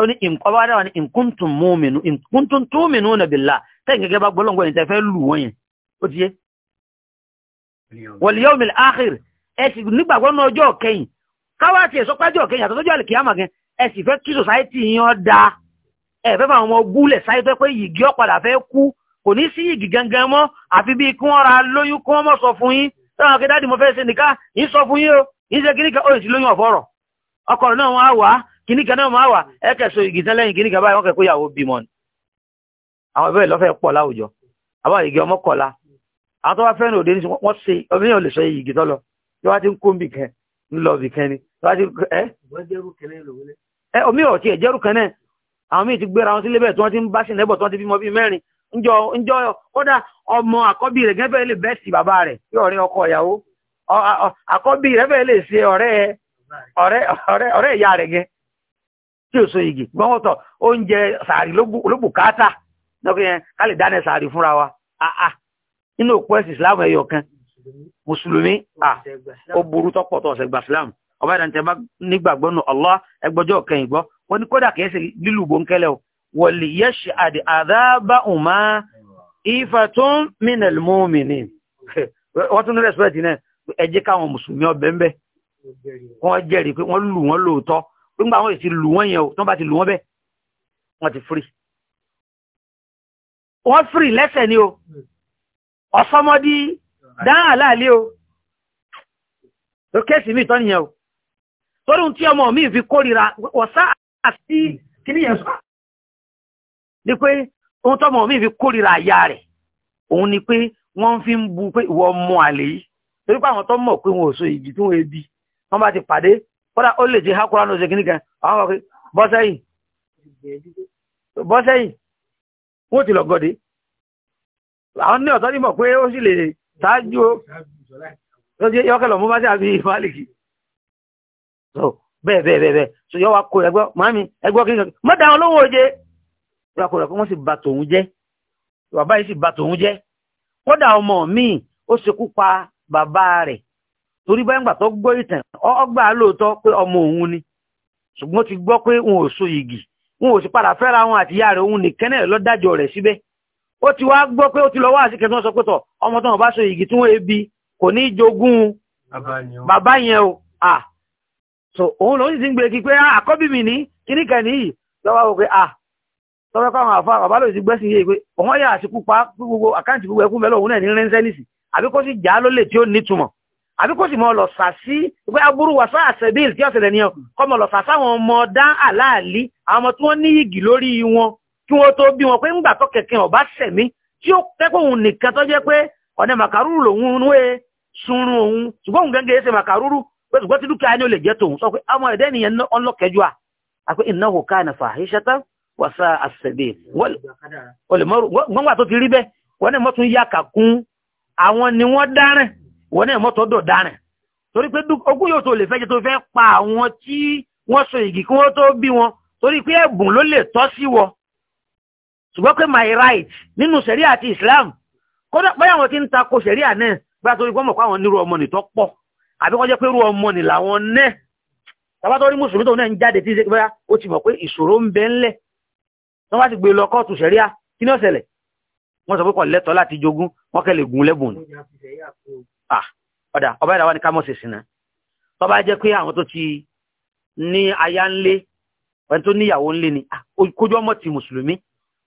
ó ní ìkọ́bá dáwà ní in kuntum mu'minun in kuntum tu'minuna billah tẹ́yìn gẹ́gẹ́ bá gbọ́lọ́ngbọ́ yẹn tẹ́ fẹ́ lù wọ́n yẹn ó ti yé wọ̀lì yọ́ mìlì áhìrì ẹ sì nígbàgbọ́ ní ọjọ́ kẹyìn káwá ti ẹ̀sọ́ pájọ́ kẹyìn àtọ́jọ́ àlè kìámà fẹ́ kí sòsáìtì yan da ẹ fẹ́ fàwọn ọmọ ogúnlẹ̀ sáyé fẹ́ pé yìgì ọ̀padà fẹ́ kú kò ní sí yìgì gangan mọ́ àfi bíi kí wọ́n ra lóyún kí wọ́n mọ̀ sọ fún yín táwọn akẹ́dá dì mọ́ fẹ́ ṣe nìka yín sọ fún yín o yín ṣe kíníkà ó sì lóyún ọ̀fọ́rọ̀ ọkọ náà wọn á wà kíníkà náà wọn á wà ẹ kẹsọ yìgì tán lẹ́yìn kíníkà báyìí wọn kẹ́kọ̀ọ́ yàwó bímọ ni àwọn ìbẹ̀rẹ̀ lọ́fẹ̀ẹ́ pọ̀ láwùjọ àbá yìgì ọmọ kọ̀la àwọn tó bá fẹ́ràn òde ní wọ́n ṣe ọmọ èèyàn lè sọ iye ìgì tọ́lọ yóò wá ti ń kó bì kẹ ń lọ bì kẹ ni ẹ omi ọ̀tí ẹ̀ jẹ́rù kan náà àwọn míì ti gbéra wọn sí lébẹ̀ tí wọ́n ti ń bá sí lẹ́bọ̀ tí wọ́n ti bímọ bíi mẹ́rin ńjọ ńjọ kódà ọmọ àkọ́bí rẹ̀ gẹ́gẹ́ lè bẹ́ẹ̀ sí bàbá rẹ̀ yóò rí ọkọ ìyàwó àkọ́bí rẹ̀ bẹ́ẹ̀ lè ṣe ọ̀rẹ́ ọ̀rẹ́ ìyá rẹ̀ gẹ́ tí ò so igi gbọ́n wọ́n tọ̀ oúnjẹ sàárì lóbùkátà lọ́kùnrin kálẹ̀ dáná sàárì fúnra wa ah ah inú òpó ẹ̀sìn islam ẹ̀yọ̀ kan mùsùlùmí à ó burú tọ́pọ̀ tó ọ̀sẹ̀ gbà islam ọba ìdáni tẹ́ bá nígbàgbọ́ nù Allah ẹgbọ́jọ́ kẹyìn gbọ́ wọ́n ní kódà kìí ṣe lílù bòńkẹ́lẹ̀ o wọ̀lì yẹ́ṣì àdì àdábà ọ̀mà ìfàtún minal mu'minin wọ́n tún ní respect náà ẹ jẹ́ káwọn mùsùlùmí ọbẹ̀ ń bẹ̀ wọ́n jẹ́rìí pé wọ́n lù ọ̀sọ́mọ́dí dáhà aláàlé o tó kéèsì mí tọ́nìyàn o torí tí ọmọ mi fi kórìíra ọ̀sá àti kìníyàn sọ ní pé ohun tọ́mọ mi fi kórìíra àyà rẹ̀ òun ni pé wọ́n fi ń bu pé ìwọ mọ àlè yìí torí pé àwọn tó mọ̀ pé wọn ò so ìjì tí wọn ebi wọn bá ti pàdé kódà ó lè jẹ hákúrá ní oṣù kìnìkan àwọn ọkọ bọ́sẹ̀yìn wọ́n ti lọ gọ́dẹ̀ àwọn ní ọ̀tọ́ mọ̀ pé ó sì lè ṣáájú ó tó jẹ́ yọ́kẹ̀lọ̀ mú bá sí àbí ìfàlìkì so bẹ́ẹ̀ bẹ́ẹ̀ bẹ́ẹ̀ so yọ́ wa kó ẹgbọ́ mami ẹgbọ́ kí n mọ́dà olówó oje yọ́ rẹ̀ kó wọ́n sì tòun jẹ́ bàbá yìí sì tòun jẹ́ kódà ọmọ mi ó ṣekú pa bàbá rẹ̀ torí gbà tó gbọ́ ìtàn ọgbà lóòótọ́ pé ọmọ òun ni ó ti wá gbọ́ pé ó ti lọ wá àsìkẹ́ tí wọ́n sọ pẹ́tọ̀ ọmọ tó bá so ìgì tí wọ́n ebi kò ní jogún bàbá yẹn o ah so òun lòun sì ń gbé kí pé àkọ́bí mi ní kíní kẹ́ni yìí lọ́wọ́ wò pé ah tọ́wọ́ káwọn àfa bàbá lòun ti gbẹ́sìn yìí pé òun yà àsìkú pa gbogbo àkáǹtì gbogbo ẹkún mẹ́lọ òun náà ní rẹ́ńsẹ́ nìsí àbí kó sì já lólè tí ó nítumọ̀ àbí kó sì mọ lọ sà sí pé aburú wàsá àṣẹbíl tí ọ̀sẹ̀ lẹ́nìyàn kọ́ mọ lọ sà sáwọn ọmọ dá àláàlí àwọn ọmọ tí wọ́n ní yìgì lórí wọn kí wọ́n tó bí wọn pé ńgbà tó kẹ̀kẹ́ ọ̀bá sẹ̀mí tí ó kẹ́kọ̀ọ́ nìkan tó jẹ́ pé ọ̀nà màkàrúrù lòun ń wé sunrun òun ṣùgbọ́n òun gẹ́gẹ́ ṣe màkàrúrù pé ṣùgbọ́n tí dúkìá ni ó lè jẹ́ tòun sọ pé ọmọ ẹ̀dẹ́ nìyẹn ọlọ́kẹjọ́ à àpé innahu kana fahishatan wa sa'a as-sabil wọ́n wà tó ti rí bẹ́ẹ̀ wọ́n náà mọ́tún yá kàkún àwọn ni wọ́n dáràn wọ́n náà mọ́tọ́ dọ̀ dáràn torí pé ogún yóò tó lè fẹ́ jẹ́ tó fẹ́ pa àwọn tí wọ́n so ìgì kí wọ́n tó bí wọn torí pé ẹ̀bùn ló lè tọ́ sí wọn ṣùgbọ́n pé my right nínú ṣẹ̀rí àti Islam kódà báyà wọn ti ń takò ṣẹ̀rí àná bá torí gbọ́mọ̀ pé àwọn nírú ọmọ nì tó pọ̀ àbí kọ́ jẹ́ pé rú ọmọ nì làwọn náà tàbá tó rí mùsùlùmí tó náà ń jáde tí bóyá ó ti mọ̀ pé ìṣòro ń bẹ ńlẹ̀ tó bá ti gbé lọ kóòtù ṣẹ̀rí à kí ní ọ̀sẹ̀lẹ̀ wọ́n sọ pé kò lẹ́tọ̀ọ́ láti jogún wọ́n kẹ́lẹ̀ gun lẹ́bùn ni ọ̀dà ọba ni ká jẹ́ pé àwọn tó ti ní aya ńlé ẹni tó níyàwó ńlé ni kójú ọmọ ti mùsùlùmí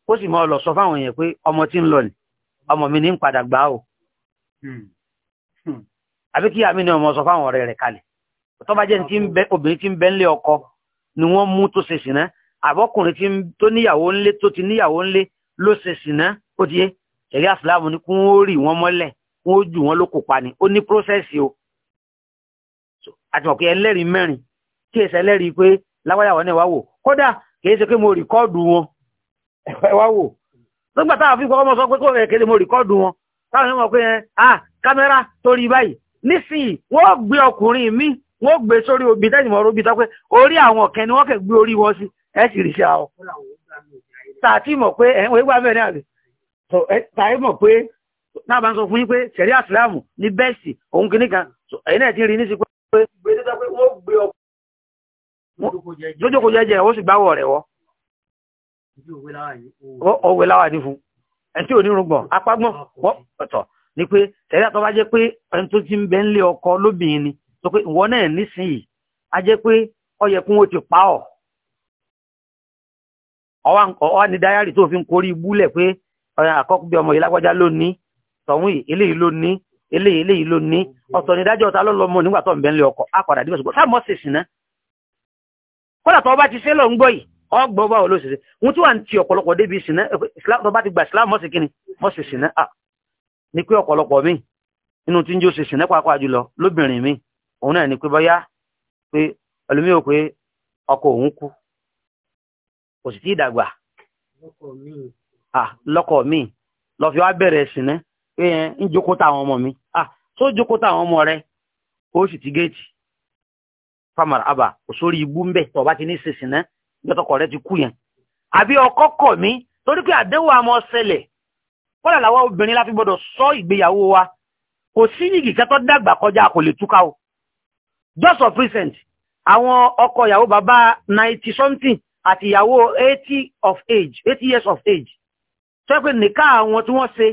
ó sì mọ́ lọ sọ fáwọn èèyàn pé ọmọ tí ń lọ ní ọmọ mi ní ń padà gbá o hmm. Hmm. àbí kí àmì ní ọmọ sọ fáwọn ọ̀rẹ́ rẹ̀ kalẹ̀ tó bá jẹ́ obìnrin tí ń bẹ ńlé ọkọ ni wọ́n mú tó ṣe sìná àbọ́kùnrin tó níyàwó ńlé tó ti níyàwó ńlé ló ṣe sìná ó ti yé ẹ̀rí ni kún ó rì wọ́n mọ́lẹ̀ kún ó jù wọ́n ló kò pa ni ó ní prósẹ́sì o àti ọ̀kẹ́ ẹlẹ́rìí mẹ́rin kí ẹsẹ̀ ẹlẹ́rìí pé láwáyàwó náà wá wò kódà kì í ṣe pé mo rìkọ́ọ̀dù wọn ẹ wá wò nígbà táwọn fi kọ́kọ́ mọ́ sọ pé kó rẹ̀ kéde mo rìkọ́ọ̀dù wọn táwọn yóò mọ̀ pé yẹn à kámẹ́rà torí báyìí nísìnyí wọ́n gbé ọkùnrin mi wọ́n gbé sórí obì tẹ́yìn mọ́ orí tọ́pẹ́ orí àwọn ọ̀kẹ́ ni wọ́n kẹ̀ gbé orí wọn sí ẹ sì rí sí àwọn. tààtì mọ̀ pé ẹ̀ ń wọ́n gbà bẹ́ẹ̀ ní àbí tààtì mọ̀ pé náà bá ń sọ fún yín pé sẹ̀rí àsìláàmù ní bẹ́ẹ̀sì òun kìíní kan ẹ̀yin náà ti rí ní sí pé wọ́n gbé ọkùnrin jójókòó jẹ́jẹ́ ó sì gbáwọ̀ rẹ̀ wọ́ òwe láwà ní fún ẹni tí ò ní rúgbọ̀n apágbọ̀n ọ̀tọ̀ ni pé tẹ̀lé àtọ́ jẹ́ pé ẹni tó ti ń bẹ ńlé ọkọ lóbìnrin ni tó pé ìwọ náà nísìnyìí a jẹ́ pé ó kún ó ti pa ọ́ ọwá ní dáyàrí tó fi ń korí búlẹ̀ pé àkọ́kọ́ bí ọmọ yìí lágbájá ló tọ̀hún eléyìí ló eléyìí eléyìí ló ọ̀tọ̀ ní dájọ́ ta ló lọ́mọ nígbà tó ń bẹ ńlé ọkọ á padà dé ọgbọ́ báwo ló ṣiṣẹ́ wọ́n tún wà ní ti ọ̀pọ̀lọpọ̀ débi ìsìnà tó bá ti gbà ìsìlámù mọ́sí kíni mọ́sí ìsìnà à ah, ní pé ọ̀pọ̀lọpọ̀ mi inú tí ń jó ṣe ìsìnà pàápàá jùlọ lóbìnrin mi òun náà ni pé bóyá pé ẹlòmí ò pé ọkọ òun kú kò sì tí ì dàgbà lọ́kọ mi ah, lọ fi wá bẹ̀rẹ̀ ìsìnà pé ẹ ń jókòó táwọn ọmọ mi tó ah, jókòó táwọn ọmọ rẹ ó sì ti géètì ìjọtọkọ rẹ ti kú yẹn àbí ọkọ kọ mí torí pé àdéhùn àmọ́ ṣẹlẹ̀ kọ́lá làwọn obìnrin láti gbọ́dọ̀ sọ ìgbéyàwó wa kò sí yìgì kẹtọ́ dàgbà kọjá kò lè túká o just of recent àwọn ọkọ ìyàwó bàbá ninety something àti ìyàwó eighty of age eighty years of age sọ pé nìka àwọn tí wọ́n ṣe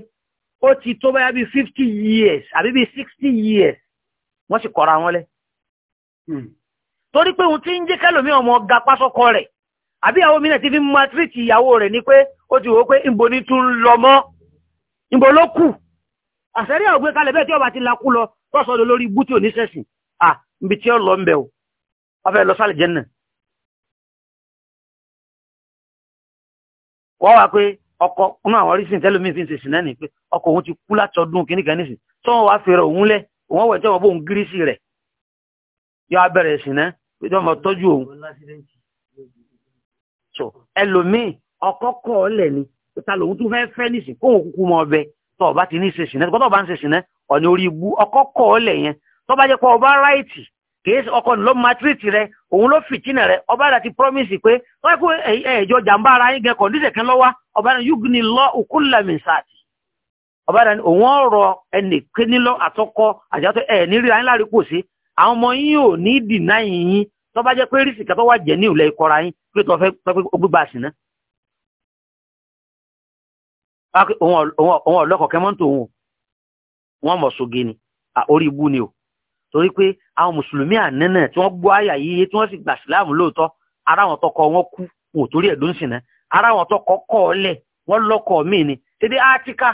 ó ti tó báyà bíi fifty years àbí bíi sixty years wọ́n sì kọ́ra wọn lẹ́ hmm. torí pé òun ti ń jẹ́ kẹ́lòmí ọmọ ga pásọkọ rẹ̀ àbí ìyàwó mìíràn ti fi matrix ìyàwó rẹ̀ ni pé ó ti wò pé ìbò ní tún lọ mọ́ ìbò ló kù àṣẹ́rí àwọn ògbé kalẹ̀ bẹ́ẹ̀ tí ọba ti lakú lọ tọ́sọ̀dọ̀ lórí ibú tí ò ní sẹ́sìn à níbi tí ó lọ ń bẹ̀ o wọ́n fẹ́ lọ sálẹ̀ jẹ́ náà wọ́n wá pé ọkọ̀ kúnnú àwọn orísìn tẹ́lómi fi ń sèṣìn náà ni pé ọkọ̀ òun ti kú látọdún kìnnìkan nísìn tí wọ́n wá fèrè òun lẹ̀ òun wẹ̀ tí wọ́n bóun gírísì rẹ̀ yọ abẹ́rẹ̀ sìn náà pé tí wọ́n tọ́jú òun so ẹlòmíì ọkọ kọ ọ lẹ ni ta lòun tún fẹẹ fẹ nísìn kó òun kúkú mọ ọbẹ tó ọba ti ní í ṣe sìn náà tó ọba ń ṣe sìn náà ọ̀nà orí ibu ọkọ kọ ọ lẹ yẹn tó bá jẹ pé ọba ráìtì kìí ọkọ ló matrix rẹ òun ló fìtínà rẹ ọba rẹ ti promise pé wọn kó ẹjọ jàǹbá ara yín gẹ kọndíṣẹ kan lọ́wọ́ ọba rẹ yóò ní lọ òkúlẹmì sáàtì ọba rẹ òun ọ̀rọ̀ ẹnì kénílọ àtọkọ àjàtọ ẹ nírí ayé lárí kò sí àwọn ọmọ yín ò ní dìnnáyìn yín tó bá jẹ́ pé rísì kan tó wà jẹ́ ní ìlẹ̀ ìkọra yín pé tó fẹ́ gbígbà sí náà. òun ọ̀lọ́kọ̀ kẹ́mọ́ntò òun wọ́n mọ̀ sóge ni orí ibú ni o torí pé àwọn mùsùlùmí ànínà tí wọ́n gbọ́ àyà yíyé tí wọ́n sì gbà síláàmù lóòótọ́ ara wọn tọkọ wọn kú wọn ò torí ẹ̀dùn sìn náà ara wọn tọkọ kọ́ ọ lẹ̀ wọ́n lọ́kọ̀ míì ni títí átíkà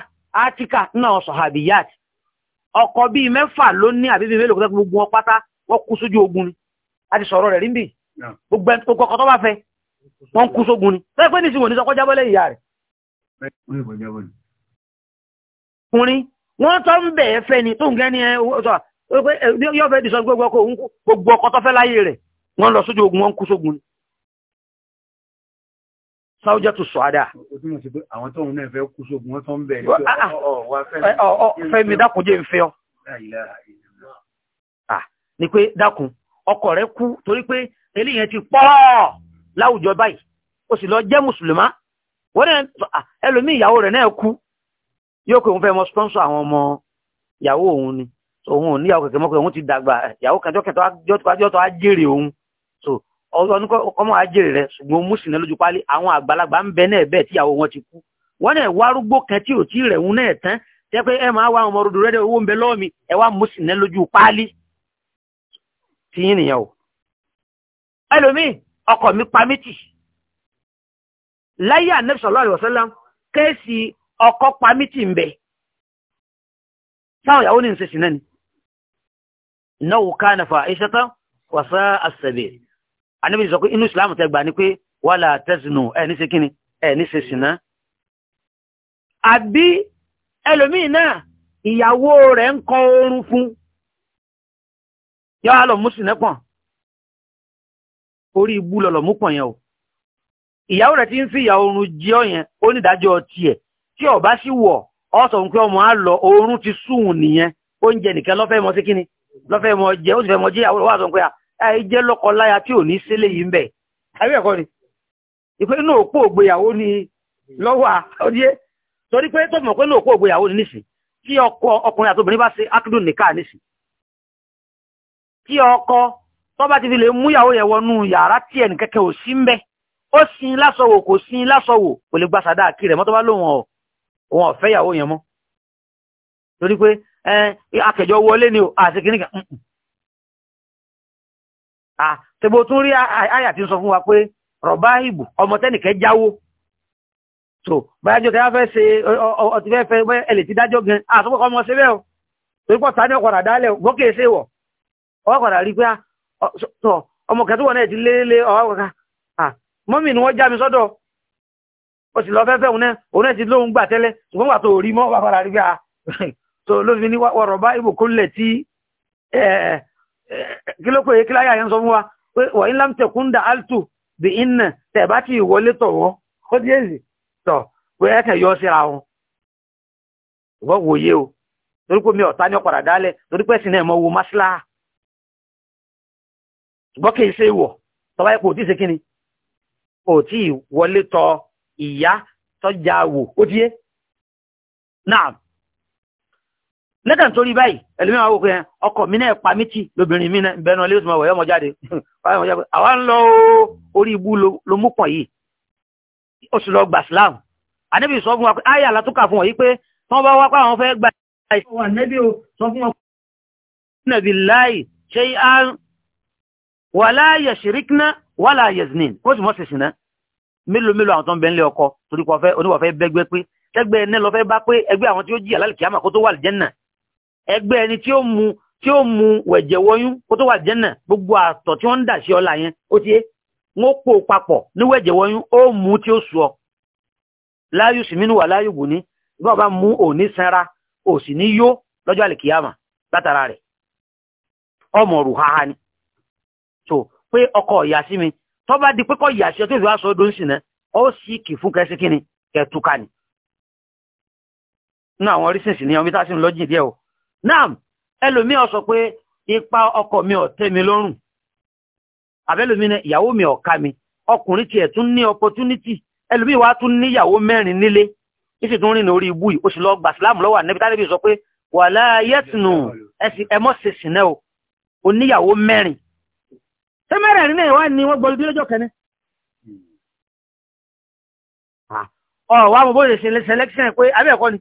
átíkà náà sọ̀hábìyàt ọkọ̀ bíi mẹ́fà ló ní àbí bíi mélòó kọ́tà gbogbo wọn pátá wọ́n kú sójú ogun ni a ti sọ̀rọ̀ rẹ̀ rí bí gbogbo ọkọ̀ tó bá fẹ́ wọ́n kú sógun ni tó pé nìsí wọ́n ní sọkọ́ jábọ́lẹ̀ ìyá rẹ̀ kùnrin wọ́n tọ́ ń bẹ̀ fẹ́ ni tó ń gẹ́ ní yọ́fẹ́ ìdìsọ́ gbogbo ọkọ̀ tó fẹ́ láyé rẹ̀ wọ́n lọ sójú ogun wọ́n kú sógun ni sáwọ́jẹ́ tó sọ àdá ah, ni pé dákun ọkọ rẹ̀ kú torí pé eléyìí ti pọ̀ láwùjọ báyìí o sì lọ jẹ́ mùsùlùmá wọ́n náà ẹlòmí ìyàwó rẹ̀ náà kú yóò pé òun fẹ́ mọ sponsor àwọn ọmọ ìyàwó òun ni òun ò níyàwó kẹ̀kẹ́ mọ́kẹ́ òun ti dàgbà ìyàwó kan jọ́kẹ́ tó á òun so ọdún ọmọ ajèrè rẹ̀ ṣùgbọ́n mùsùlùmí lójú pálí àwọn àgbàlagbà ń bẹ náà bẹ́ẹ̀ tíyàwó wọn ti kú wọ́n náà wárúgbó kan tí ò tí rẹ̀ òun náà tán jẹ́ pé ẹ máa wá ọmọ rodo rẹ́dẹ̀ owó ń bẹ lọ́ọ̀mí ẹ wá mùsùlùmí lójú pálí tí yín nìyẹn o ẹlòmíì ọkọ mi pa mí tì láyé ànábì sallallahu alaihi ọkọ pa mí ń bẹ táwọn ìyàwó ní ń náà ni náwó ká nàfà ìṣẹ́tọ́ wàsá àṣẹ̀bẹ̀ ànábì sọ pé inú ìsìlámù tẹ gbà ní pé wàlà tẹ́sínù ẹ̀ ní ṣe kíni ẹ̀ ní ṣe sí àbí ẹlòmíì náà ìyàwó rẹ̀ ń kọ oorun fún yọ́ á lọ mú sí nẹ́pọ̀n orí ibú lọ lọ mú pọ̀ yẹn o ìyàwó rẹ̀ ti ń fi ìyàwó oorun ọ yẹn tiẹ̀ tí ọba sì wọ̀ ọ sọ pé ọmọ á lọ oorun ti sùn nìyẹn oúnjẹ nìkan lọ́fẹ́ mọ sí kíni lọ́fẹ́ mọ jẹ ó sì fẹ́ mọ jẹ ìyàwó rẹ̀ wà sọ pé jẹ́ tí ò ní sílé ni ìpè inú òpó ògbéyàwó ni lọ́wọ́ àdíyé torí pé tó mọ̀ pé inú òpó ògbéyàwó ni tí ọkọ tọba ti fi lè mú ìyàwó yẹn wọnú yàrá tí ẹnì kẹkẹ ò sí ń bẹ ó sin lásọwò kò sin lásọwò kò lè gba kí rẹ mọ́ yẹn mọ́ torí pé akẹjọ wọlé ni o àti tún rí àyà tí ń sọ fún wa pé rọba ọmọ jáwó ṣe ọtí gan ọmọ ṣe bẹ́ẹ̀ o torí ọwọ́kọ̀dà rí pé tọ̀ ah, ọmọ kẹtùwọ̀ náà ti lélé ọwọ́kọ̀ká ah, mọ́mì ni wọ́n já mi sọ́dọ̀ o sì lọ fẹ́fẹ́ òun náà òun náà ti lóhun gbà tẹ́lẹ̀ ṣùgbọ́n wà tó rí mọ́ ọwọ́kọ̀dà rí pé a ah, tó ló fi ní wọ̀rọ̀ bá ibò kólẹ̀ tí kí ló pé kí láyà yẹn sọ fún wa pé wọ́n ńlá tẹ̀kún dà altu bí iná tẹ̀ bá ti wọlé tọ̀wọ́ ó díẹ̀ sì tọ̀ pé ẹ̀kẹ̀ yọ síra wọn ìwọ́ wòye o torí pé mi ọ̀tá ní ọ̀padà dálẹ̀ torí pé ẹ̀sìn náà mọ wo máṣíláà ṣùgbọ́n kì í ṣe ìwọ̀ tọba ipò tí ṣe kí ni ò tí wọlé tọ ìyá tọjá wò ó ti yé náà lẹ́kàn torí báyìí ẹlòmíràn àwọn òkè ọkọ mi náà pa mí lóbìnrin mi bẹnu ọlẹ́sùn ọwọ́ ọmọ jáde àwa ń lọ orí ibú ló mú pọ̀ yìí ó sì lọ gbà Islam àdébì sọ fún wa pé ayé àlàtúkà fún wọn yìí pé wọ́n bá wá pé àwọn fẹ́ gba ìṣòwò sọ fún wọn wàlá yẹ̀ṣìríkínà wàlá yẹ̀zìnín ó sì mọ́ sí ṣìnà mélòó mélòó àwọn tó ń bẹ nílé ọkọ torí kò fẹ́ oníwà fẹ́ bẹ́gbẹ́ pé ẹgbẹ́ ẹni lọ fẹ́ bá pé ẹgbẹ́ àwọn tí ó jìyà lálẹ́ kìámà kó tó wà lìjẹ́nà ẹgbẹ́ ẹni tí ó mu tí ó mu wẹ̀jẹ̀ wọyún kó tó wà lìjẹ́nà gbogbo àtọ̀ tí wọ́n ń dà sí ọ̀la yẹn ó ti yé wọ́n pò papọ̀ ní wẹ̀jẹ̀ wọyún ó mu tí ó sùọ́ láyù sìmínú wà láyù bù ní bí wọ́n bá mú òní sanra òsì ní yó lọ́jọ́ àlìkìyàmà látara rẹ̀ ọmọ òrùhaha ni pé ọkọ ìyá sí mi tó bá di pé kọ́ ìyá sí ọ tó fi wá sọ sìn náà ó sì kì fún kẹsí kíni kẹtùkà ni. nínú àwọn orísìnsì ni ọmọ ìtàsí lọ́jì díẹ̀ o náà ẹlòmíì ọ sọ pé ipa ọkọ mi ò tẹ́ mi lọ́rùn àbẹ́lòmíì ní ìyàwó mi ò ká mi ọkùnrin tiẹ̀ tún ní opportunity ẹlòmíì wa tún níyàwó mẹ́rin nílé ìsì tún rìn orí ibú yìí ó sì lọ gbà sílámù lọ́wọ́ ànẹ́bí tálẹ́bí sọ pé wàlá yẹ́tùnù ẹ̀sìn ẹmọ́ náà o oníyàwó mẹ́rin ṣé mẹ́rẹ̀ẹ̀rin náà wá ní wọ́n gbọ́lú bí lọ́jọ́ kẹ́ni hmm. ah, ọ̀wà mọ̀ bóyẹ̀ ṣe selection pé abẹ́ẹ̀kọ́ ni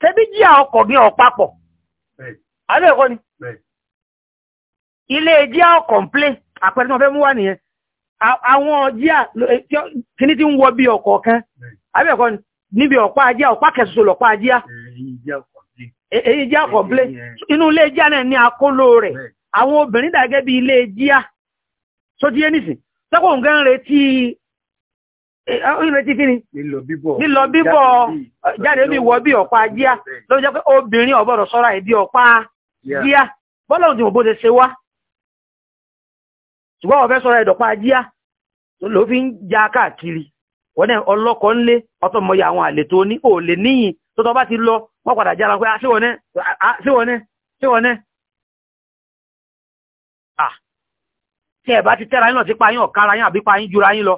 tẹ́bí ah, jí à ọkọ̀ ní ọ̀pápọ̀ abẹ́ẹ̀kọ́ ni ilé jí à ọkọ̀ plé àpẹẹrẹ tí wọ́n fẹ́ mú wà nìyẹn àwọn jí à eh, kíní tí ń wọ bí ọkọ̀ kan abẹ́ẹ̀kọ́ ni níbi ọ̀pá ajé ọ̀pá kẹsùsù lọ̀pá ajé eh, èyí jí à ọkọ̀ plé inú ilé so díẹ̀ nìsìn sẹ́kọ̀ ń gán retí ìrètí kíni nílọ bíbọ̀ jáde bí wọ bí ọ̀pá jíá ló jẹ́ pé obìnrin ọ̀bọ̀rọ̀ sọ́ra ìbí ọ̀pá jíá bọ́lá òjò bó ṣe ṣe wá ṣùgbọ́n ọ̀fẹ́ sọ́ra ló fi ń ja káàkiri náà ọlọ́kọ̀ àwọn ní lè níyìn ti lọ wọ́n padà jára pé síwọ́n náà tí ẹ̀ bá ti tẹ́ra yín lọ sí pa yín ọ̀kára yín àbí pa yín jura yín lọ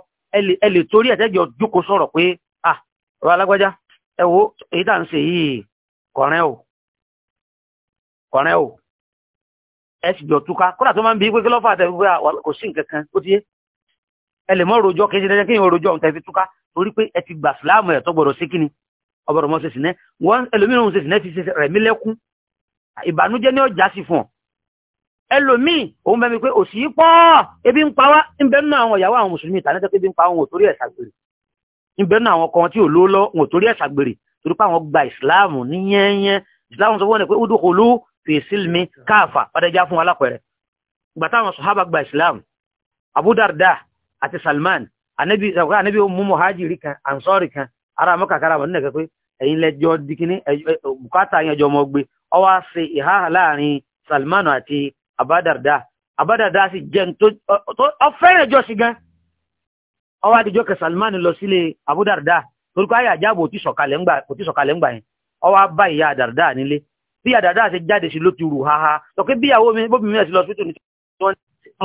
ẹ torí ẹ̀tẹ́jọ jókòó sọ̀rọ̀ pé ah ọ̀rọ̀ alágbájá ẹ wo èyí tà ń ṣe yìí kọ̀rẹ́ o kọ̀rẹ́ o ẹ sì jọ túká kódà tó máa ń bí pé kí lọ́fà àtẹ̀wé pé kò sí nǹkan kan ó ti yé ẹ lè mọ́ rojọ́ kejì dandan kéèyàn rojọ́ òun tẹ̀ fi túká torí pé ẹ ti gbà síláàmù ẹ̀ tó sí kíni ọgbọ́dọ̀ mọ́ ṣe sìnẹ́ ẹlòmíràn ṣe sìnẹ́ fi ṣe rẹ̀ mí lẹ́kún ìbànújẹ́ ní ọjà sí fún ọ ẹlòmíì òun bẹ̀mí pé òsì pọ̀ ebi ń pa wá ìbẹ̀ nínú àwọn ìyàwó àwọn mùsùlùmí ìtàn lẹ́tọ́ pé ebi ń pa wọn ò torí ẹ̀ ṣàgbèrè ìbẹ̀ nínú àwọn kan tí ò ló lọ wọn ò torí ẹ̀ ṣàgbèrè torí pé àwọn gba ìsìláàmù ní yẹ́nyẹ́ ìsìláàmù sọ fún wọn pé ó dúkọ̀ ló fi sílmi káàfà padàjá fún alápẹ̀rẹ̀ ìgbà táwọn sọ̀hábà gba ìsìláàmù Abu Darda àti Salman anabi mú muhajiri kan ansori kan ara mọ́kà kára wọn nígbà pé ẹ̀yin lẹ́jọ́ dikini bùkátà yẹn jọmọ gbé ọwọ́ ṣe ìhà láàrin Salman àti àbádàrdá àbádàrdá sì jẹ́ tó ọ̀fẹ́rẹ̀ jọ sí gan ọwọ́ àdìjọ́ kẹ Salman lọ sílé àbúdàrdá torí pé ayé àjábò kò tí sọ̀kalẹ̀ ń gbà yẹn ọwọ́ bá ìyá àdàrdá nílé bí àdàrdá sì jáde sí ló ti rù haha tọ́kẹ́ bí àwọn omi bóbi mìíràn sí lọ sótò ní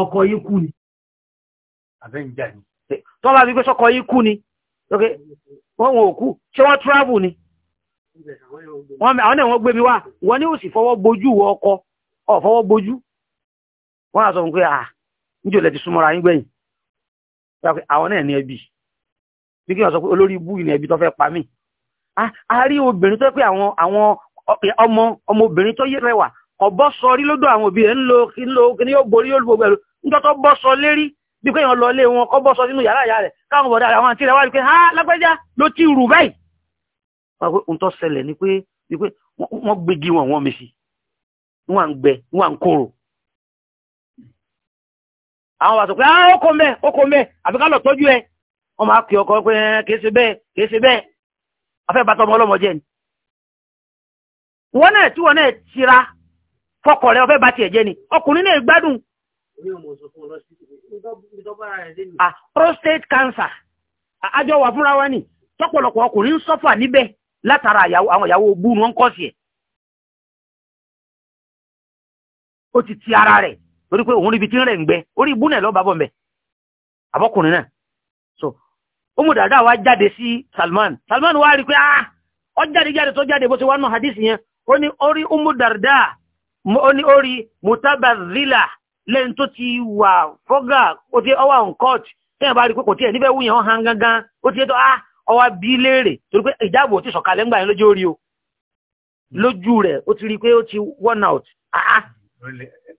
ọkọ̀ yìí kú ni tọ́lá wípé sọ́kọ̀ yìí kú ni tọ́kẹ́ wọ́n wọn ò kú ṣé wọ́n travel ni wọ́n náà wọ́n gbé mi wá wọ́n ní òsì fọwọ́ bojú wọ ọkọ̀ ọ̀fọwọ́ bojú wọ́n á sọ pé à ah, níjò lẹ ti súnmọ́ra yín gbẹ̀yìn àwọn náà ní ẹbí bí kí wọ́n sọ pé olórí ibú ìní ẹbí tó fẹ́ pa mí ah, a rí obìnrin tó pé àwọn ọmọ ọmọbìnrin tó rẹwà kò bọ́ sọ rí lọ́dọ̀ àwọn òbí rẹ̀ ńlò kí ni yóò borí yóò lùgbogbo ẹ̀rù tó bọ́ sọ lérí bí pé èèyàn lọ lé wọn kọ́ bọ́ sọ sínú yàrá ìyá rẹ̀ káwọn bọ̀dá àwọn àti rẹ̀ wá rí pé ha ah, lágbẹ́já ló ti rù báyìí. ohun tó ṣẹlẹ̀ ni pé wọ́n gbégi wọn gbẹ wọ́n à àwọn wà sọ pé ah ọkọ ọkọ tọ́jú ẹ ọkọ pé eh, bẹ́ẹ̀ bẹ́ẹ̀ afẹ́ bàtọ́ ọmọ ọlọ́mọ jẹ́ ni. wọ́n náà tí wọ́n náà tira fọkọ rẹ̀ ọfẹ́ bá tiẹ̀ ni ọkùnrin náà gbádùn. Ah, prostate cancer àjọ wà fúnra wa ni tọ́pọ̀lọpọ̀ ọkùnrin ń sọ́fà níbẹ̀ látara àwọn ìyàwó kọ́ ti ti ara rẹ̀ torí pé òun ríbi tí ń rẹ̀ ń gbẹ orí ìbúnẹ̀ lọ bàbọ̀ mẹ́ àbọ́kùnrin náà so ó mú dàdá wá jáde sí Salman Salman wá rí pé ah ó jáde jáde tó jáde bó ti wá nù hadith yẹn ó ní orí ó mú dàdá ó ní orí mutabazila lẹ́yìn tó ti wà fọ́gà ó ti ọwà nkọ́t tí wọ́n bá rí pé kò tí ẹ̀ níbẹ̀ wúyàn hàn gangan ó ti tó ah ọwà bí léèrè torí pé ìjáàbò ti sọ̀kalẹ̀ ńgbà yẹn lójú orí o lójú rẹ̀ ó ti rí pé ó ti worn out ah, ah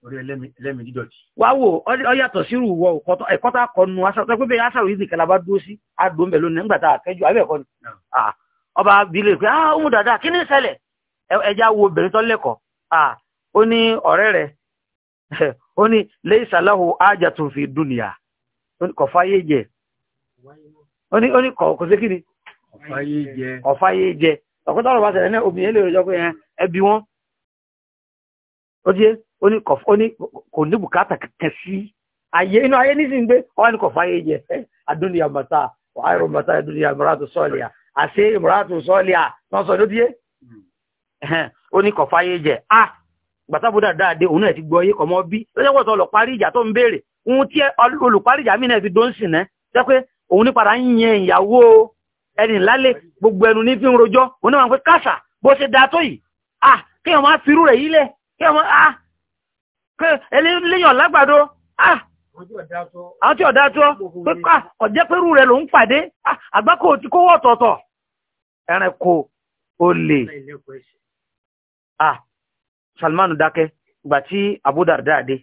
orí ẹlẹ́mì dídọ̀tí. wá wò ọ yàtọ̀ sírù wọ ẹ̀kọ́ tá a kọ nu aṣọ pé bẹ́ẹ̀ aṣọ yìí nìkan la bá dúró sí àdùn bẹ̀ lónìí nígbà tá a kẹjọ àbẹ̀ ẹ̀kọ́ ni. ọba abilé pé ah ọmọ dàda kí ni ṣẹlẹ̀ ẹja wo obìnrin tó lẹ́kọ̀ọ́ ó ní ọ̀rẹ́ rẹ̀ ó ní lẹ́yìn sàláhù ájà tó fi dúnìyà kò fáyé jẹ ó ní kò sí kí ni kò fáyé jẹ ọ̀kọ́tà ọ̀rọ̀ bá ṣẹlẹ̀ náà obìnrin lè rọjọ́ pé ẹbí wọn ó ti ó ní kọ̀f ó aye kò ní bùkátà kankan sí ayé inú ayé nísìnyí gbé ọwọ́ ní kọ̀f ayé jẹ adúnìyà mọ̀tà ayọ̀rọ̀ mọ̀tà adúnìyà mọ̀ràtò sọ́ọ̀lìyà àṣẹ mọ̀ràtò sọ́ọ̀lìyà wọ́n sọ ló díẹ̀ ayé a òun náà ti gbọ́ ayé kọ̀ bí lọ́jọ́ tó ń béèrè ohun tí olùparí ìjà mí náà gbogbo ẹnu ní fi ń rojọ́ òun náà bó ṣe da tó yìí eléyàn lágbàdo ah àwọn tí ọ̀dá tó pé ká ah! ọ̀jẹ́ pẹ̀rú rẹ̀ ló ń pàdé ah! àgbákò tí kówó ọ̀tọ̀ọ̀tọ̀ ẹranko olè ah Salmanu dákẹ́ ìgbà tí Abu Darda dé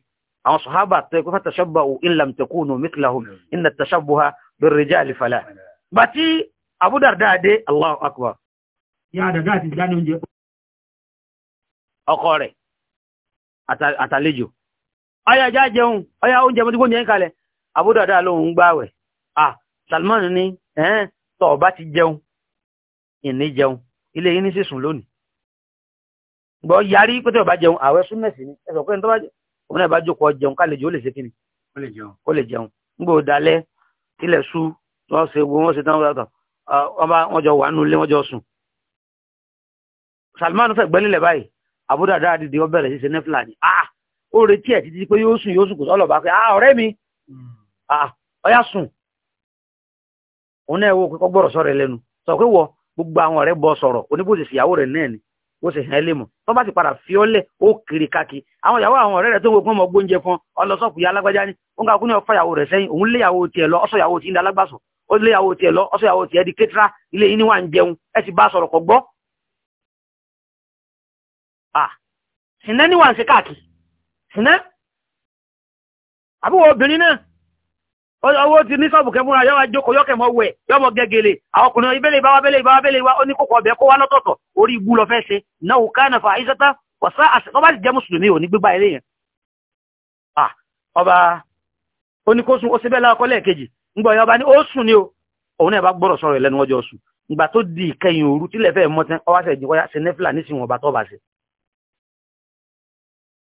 àwọn sọ̀hábà tó ẹkọ́ fàtàṣọ́bà ò in lam takunu mithlahum inna tashabbuha birrijali fala ìgbà tí Abu Darda Allah Allahu akbar ya daga ti jáde oúnjẹ ọkọ rẹ̀ àtàlejò ọya já jẹun ọya oúnjẹ mọ́tí gbóúnjẹ ń kalẹ̀ abúdàdà lóhun gbáwẹ̀ ah Salman ní ẹ̀ẹ́n tọ̀ bá ti jẹun ìní jẹun ilé yìí ní sísun lónìí gbọ́ yarí pé tẹ́wọ̀ bá jẹun àwẹ̀ súnmẹ̀sì ni ẹ̀sọ̀ pé òun náà bá jókòó jẹun kálejò ó lè ṣe kí ni ó lè jẹun nígbò dalẹ̀ ilẹ̀ sú wọ́n ṣe gbogbo wọ́n ṣe tán wọ́n jọ wà nulẹ̀ wọ́n báyìí àbúdàdá dìde ó bẹ̀rẹ̀ ṣíṣe nẹ́fìlà ni ah ó retí ẹ̀ títí pé yóò sùn yóò sùn kò sọ́lọ̀ bá pé ah ọ̀rẹ́ mi hmm. ah ọyá sùn òun náà wo kọ́kọ́ gbọ́rọ̀ sọ́rọ̀ lẹ́nu sọ pé wọ gbogbo àwọn ọ̀rẹ́ bọ sọ̀rọ̀ oníbòsì ìyàwó rẹ̀ náà ni ó sì hàn lé mọ̀ tó bá ti padà fi ọ́ lẹ̀ ó kiri káàkiri àwọn ìyàwó àwọn ọ̀rẹ́ rẹ̀ tó ń wo ọmọ gbóúnjẹ fún ọlọ́sọ̀kù ya alágbájá ni ó ń ka kúnlẹ̀ ọ̀fọ̀ Ah, ṣìnà níwà ń se káàkiri ṣìnà àbúwọ̀ obìnrin náà owó ti ní sọ́ọ̀bù kẹmúra yọ́wà jókòó yọ́kẹ̀mọ́ wẹ̀ yọ́mọ gẹ́gẹ̀lẹ̀ àwọn ọkùnrin ibẹ̀lẹ̀ ìbáwá bẹ̀lẹ̀ ìbáwá bẹ̀lẹ̀ ìwá oníkòkò ọ̀bẹ̀ kó wá lọ́tọ̀ọ̀tọ̀ orí igbú lọ fẹ́ ṣe náà ká nàfà àìsọ́tá wọ̀sá àṣẹ́kọ́ bá ti jẹ́ mùsùlùmí ò ní gbígbà ilé yẹn ah, ọba oníkóṣun ó síbẹ̀ lákọ́ lẹ́ẹ̀kejì ngbọ̀ ọba ní ó sùn ní o òun náà bá gbọ́rọ̀ sọ̀rọ̀ ìlẹ́nu ọjọ́ sùn ìgbà tó di ìkẹyìn òru tílẹ̀ fẹ́ mọ́tẹ́ ọwá sẹ̀ jí wáyá ṣe nẹ́fìlà nísìnyí wọn bá tọ́ bá ṣe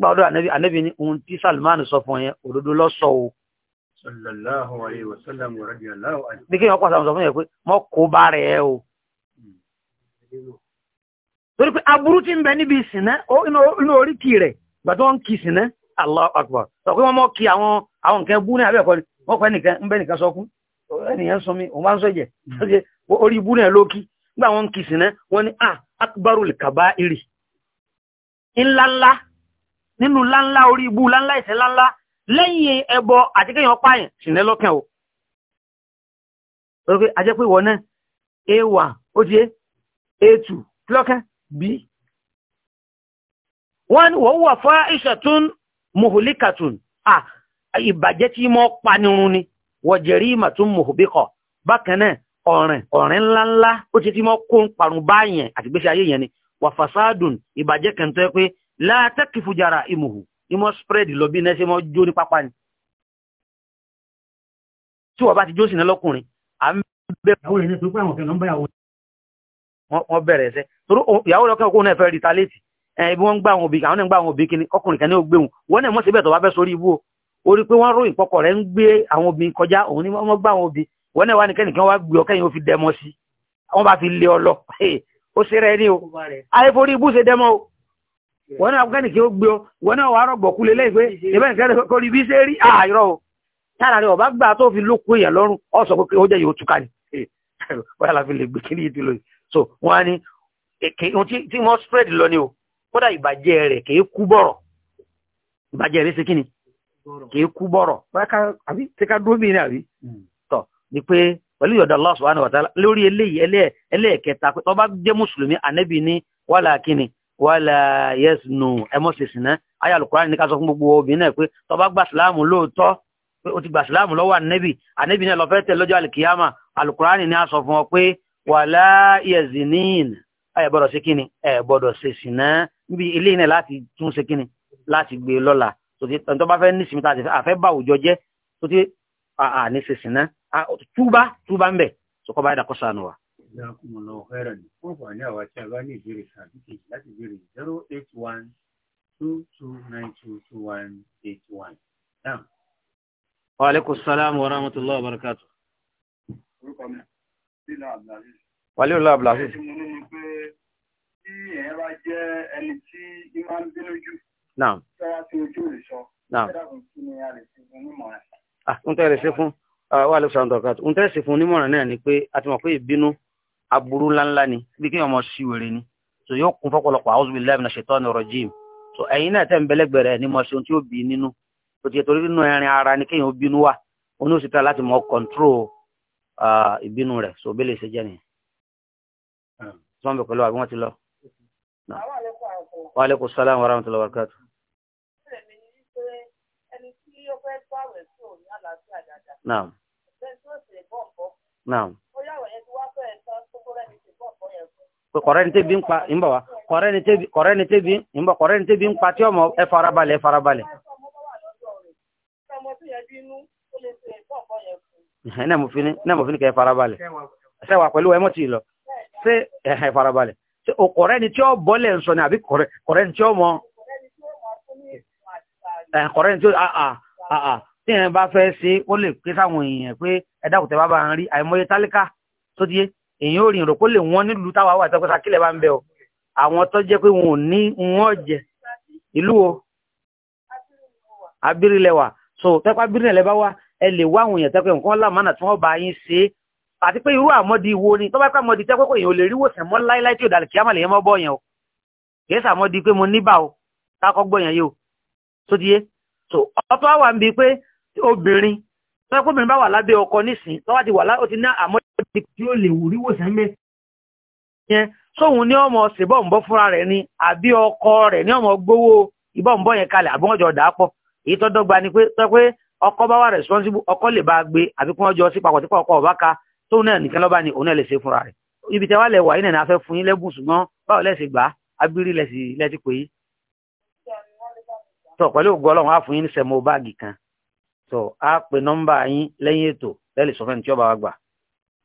gbọ́dọ̀ ànábì ànábì ní ohun tí Salman sọ fún yẹn òdodo lọ́sọ̀ o. sallallahu alayhi wa sallam radiyallahu anhu. bí kí wọ́n pàṣẹ àwọn sọ fún yẹn pé mọ́ o. torí pé ti ń na níbi ìsìnná inú orí kì rẹ̀ gbàtọ́ wọn kì ìsìnná Allah akbar ni nínú láńlá orí ibú láńlá ìṣẹ́ láńlá lẹ́yìn ẹbọ àti kéèyàn pààyàn ṣìnẹ́ lọ́kàn o. Orí ajẹ́ pé ìwọ náà A1 ó ti a two lọ́kàn B. Wọ́n ní wọ́n wà fún ìṣẹ̀tún mùhùlíkàtún. Ìbàjẹ́ tí mọ́ panirun ni wọ́n jẹ̀rí ìmàtún mùhùbíkọ̀. Bákan náà, ọ̀rìn ọ̀rìn ńláńlá ó ti tí mọ́ kó ń parun báyẹn àti gbèsè ayé yẹn ni. Wà fàṣádùn ìbàjẹ́ kẹ̀ntọ́ pé látẹ́kì fújara ìmòhù ìmọ̀ spread lọ bí nẹ́sẹ̀ mọ́ jó ní pápá ni tí wọ́n bá ti jó sí lọ́kùnrin à ń bẹ́ wọ́n bẹ̀rẹ̀ ẹ̀sẹ̀ torí ìyàwó lọ́kẹ́ òkú náà fẹ́ rí tálẹ́tì ẹbí wọ́n ń gbà àwọn òbí àwọn náà gbà àwọn òbí kìíní ọkùnrin kan ní ògbé wọn wọ́n náà mọ̀ síbẹ̀ tó bá fẹ́ sórí ibú o rí pé wọ́n ròyìn pọkọ̀ rẹ̀ ń gbé àwọn òbí kọjá òun ni wọ́n gbà àwọn òbí wọ́n náà wá ní kẹ́nìkan wá gbé ọkẹ́yìn ó fi dẹmọ sí wọ́n bá fi lé ọ lọ ó ṣe rẹ ní o ayé forí ibú ṣe dẹmọ o wọ́n náà kẹ́ni kí ó gbé ọ wọ́n náà wà rọ̀gbọ̀kú lé lẹ́yìn pé ìbẹ́ nìkan kò rí bí ṣe rí àìrọ̀ ah, o tára rẹ̀ ọ̀bá gbà tó fi lókun èèyàn lọ́rùn ọ sọ pé ó jẹ́ yóò túká ni wọ́n yàrá fi lè gbé kí ìdílé yìí so wọ́n á ní tí wọ́n spread lọ ni o kódà ìbàjẹ́ rẹ̀ kìí kú bọ̀rọ̀ ìbàjẹ́ rẹ̀ ṣe kí ni kìí kú bọ̀rọ̀ àbí tí ká dúró bìnrin àbí hmm. tọ̀ ni pé pẹ̀lú ìyọ̀dọ̀ Allah subhanahu wa ta'ala lórí eléyìí ẹlẹ́ẹ̀kẹta pé tó bá jẹ́ mùsùlùmí ànẹ́bì ní wàhálà kí ni wàlà yẹsùnù ẹmọ́sẹ̀sìn náà ayé alukura ní ká sọ fún gbogbo obìnrin náà pé tó bá gba sìláàmù lóòótọ́ pé o ti gba sìláàmù lọ́wọ́ ànẹ́bì ànẹ́bì náà lọ́fẹ́ tẹ̀ lọ́jọ́ àlìkìyàmà alukura ní a sọ fún ọ pé wàlà yẹsìnìn ẹ gbọ́dọ̀ ṣe kíni ẹ gbọ́dọ̀ ṣe sìn náà níbi ilé náà láti tún ṣe kíni láti gbé e lọ́la tó bá fẹ́ ní sinmi tá a fẹ́ bá òjò jẹ́ tó ti à náà túbá túbá ń bẹ̀ sọkọ́ bá yẹ jazakumullahu khairan fún àǹfààní àwa tí a bá ní ìbéèrè tàbí kejì láti béèrè zero eight one two two nine two two one eight one. wa aleykum salaam wa rahmatullahi wa barakatu. orúkọ mi sílá abdulaziz. wàlẹ́ ọ̀la abdulaziz. ẹni tí mo ní ni pé tí ẹ̀yẹ́ bá jẹ́ ẹni tí ìmáa ń bínú jù. náà. tí wọ́n ti ojú rẹ̀ sọ. náà. ẹ̀dá kò sí ni a lè ṣe fún onímọ̀ rẹ̀. ah ń tẹ́ ẹ lè ṣe fún ah, wa aleykum salaam wa barakatu ń tẹ́ ẹ ṣe fún onímọ̀ rẹ̀ náà ni pé a ti mọ̀ pé ìbínú aburú ńláńlá ni bí kí ọmọ sí wèrè ni so yóò kún fọ́pọ̀lọpọ̀ a'udhu billahi minash shaitanir rajim so ẹ̀yin náà tẹ̀ ń bẹ́lẹ́gbẹ̀rẹ̀ ni mo ṣeun tí ó bí nínú kò tiẹ̀ torí nínú ẹ̀rin ara ni kéèyàn ó bínú wà ó ní òṣìṣẹ́ láti mọ kọ̀ǹtró ìbínú rẹ̀ so bẹ́ẹ̀ lè ṣe jẹ́ nìyẹn. Hmm. sọ́n bẹ̀ pẹ̀lú àbí wọ́n ti lọ. wa alaikum salaam wa rahmatullahi wa barakatuh. naam. naam pé kọ̀rẹ́ ni tẹ́bi ń pa ń bọ̀ wá kọ̀rẹ́ ni tẹ́bi kọ̀rẹ́ ni tẹ́bi ń bọ̀ kọ̀rẹ́ ni tẹ́bi ń pa tí ọmọ ẹ farabalẹ̀ ẹ farabalẹ̀. náà mo fi ní náà mo fi ní kẹ́ ẹ farabalẹ̀ ṣe wà pẹ̀lú ẹ mọ̀ tí ì lọ ṣé ẹ farabalẹ̀ ṣe o kọ̀rẹ́ ni tí ọ bọ́lẹ̀ ń sọ ni àbí kọ̀rẹ́ ni tí ọmọ kọ̀rẹ́ ni tí ọ tí ẹ bá fẹ́ ṣe ó lè ké sáwọn èèyàn pé ẹ dákùtẹ́ bá bá ń rí àìmọye tálíkà tó díé èyàn ò rìn rò kó lè wọ́n nílùú táwa wà tọ́kọ́ta kílẹ̀ bá ń bẹ̀ o àwọn tó jẹ́ pé wọn ò ní wọ́n jẹ ìlú o abirilẹ̀wà so tẹ́pá abirilẹ̀ bá wá ẹ lè wá àwọn èèyàn tẹ́pẹ́ nǹkan lámánà tí wọ́n bá yín ṣe é àti pé irú àmọ́dí wo ni tọ́pẹ́ pé àmọ́dí tẹ́pẹ́ pé èèyàn ò lè rí wòsàn mọ́ láíláí tí ò dàlẹ̀ kíámà lè yẹn mọ́ bọ́ọ̀yàn o kìí sàmọ́dí pé mo níbà o tákọ́ gbọ́yàn yìí o tó ti yé so ọtọ́ wà ń bi pé obìnrin tọ́pẹ́ pé obìnrin bá wà lábẹ́ ọkọ nísìn tọ́wá ti wà di tí ó lè wúrí wòsàn mẹ́ yẹn sóhun ní ọmọ ṣèbọ̀nbọ̀ fúnra rẹ̀ ni àbí ọkọ rẹ̀ ní ọmọ gbowó ìbọ̀nbọ̀ yẹn kalẹ̀ àbí wọ́n jọ dà á pọ̀ èyí tó dọ́gba ni pé tó pé ọkọ bá wà responsible ọkọ lè bá gbé àbí kí wọ́n jọ sí papọ̀ tí ọkọ ọba ka tóun náà nìkan lọ́ba ni òun náà lè ṣe fúnra rẹ̀ ibi tẹ́ wà lẹ̀ wà yín náà fẹ́ fún yín lẹ́bùn ṣùgbọ́n báwo lẹ́sìn gbà abiri lẹ́sìn pé yín tó pẹ̀lú ògùn ọlọ́run á fún yín ní sẹ̀mó báàgì kan tó á pe nọ́mbà yín lẹ́yìn ètò lẹ́lẹ̀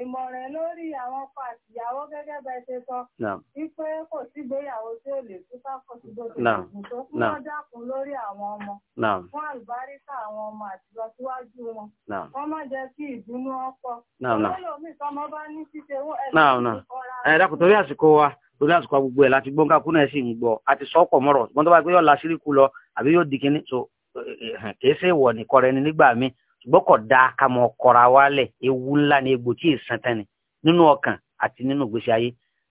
ìmọ̀ràn lórí àwọn ọkọ àti ìyàwó gẹ́gẹ́ bẹ́ẹ̀ ṣe sọ wípé kò sígbéyàwó tí ò lè tú kákò sígbó tó lè tó lórí àwọn ọmọ fún àlùbáríkà àwọn ọmọ wọn wọ́n má jẹ́ kí ìdùnnú ọkọ tọmọ bá ní ṣíṣe torí àsìkò wa àsìkò gbogbo ẹ̀ láti gbọ́n sì ń gbọ́ àti gbọ́kọ̀ da kamọ̀ kọ̀ra wálẹ̀ ewu ńlá ni egbò tí èsàn tán ni nínú ọkàn àti nínú ìgbésí ayé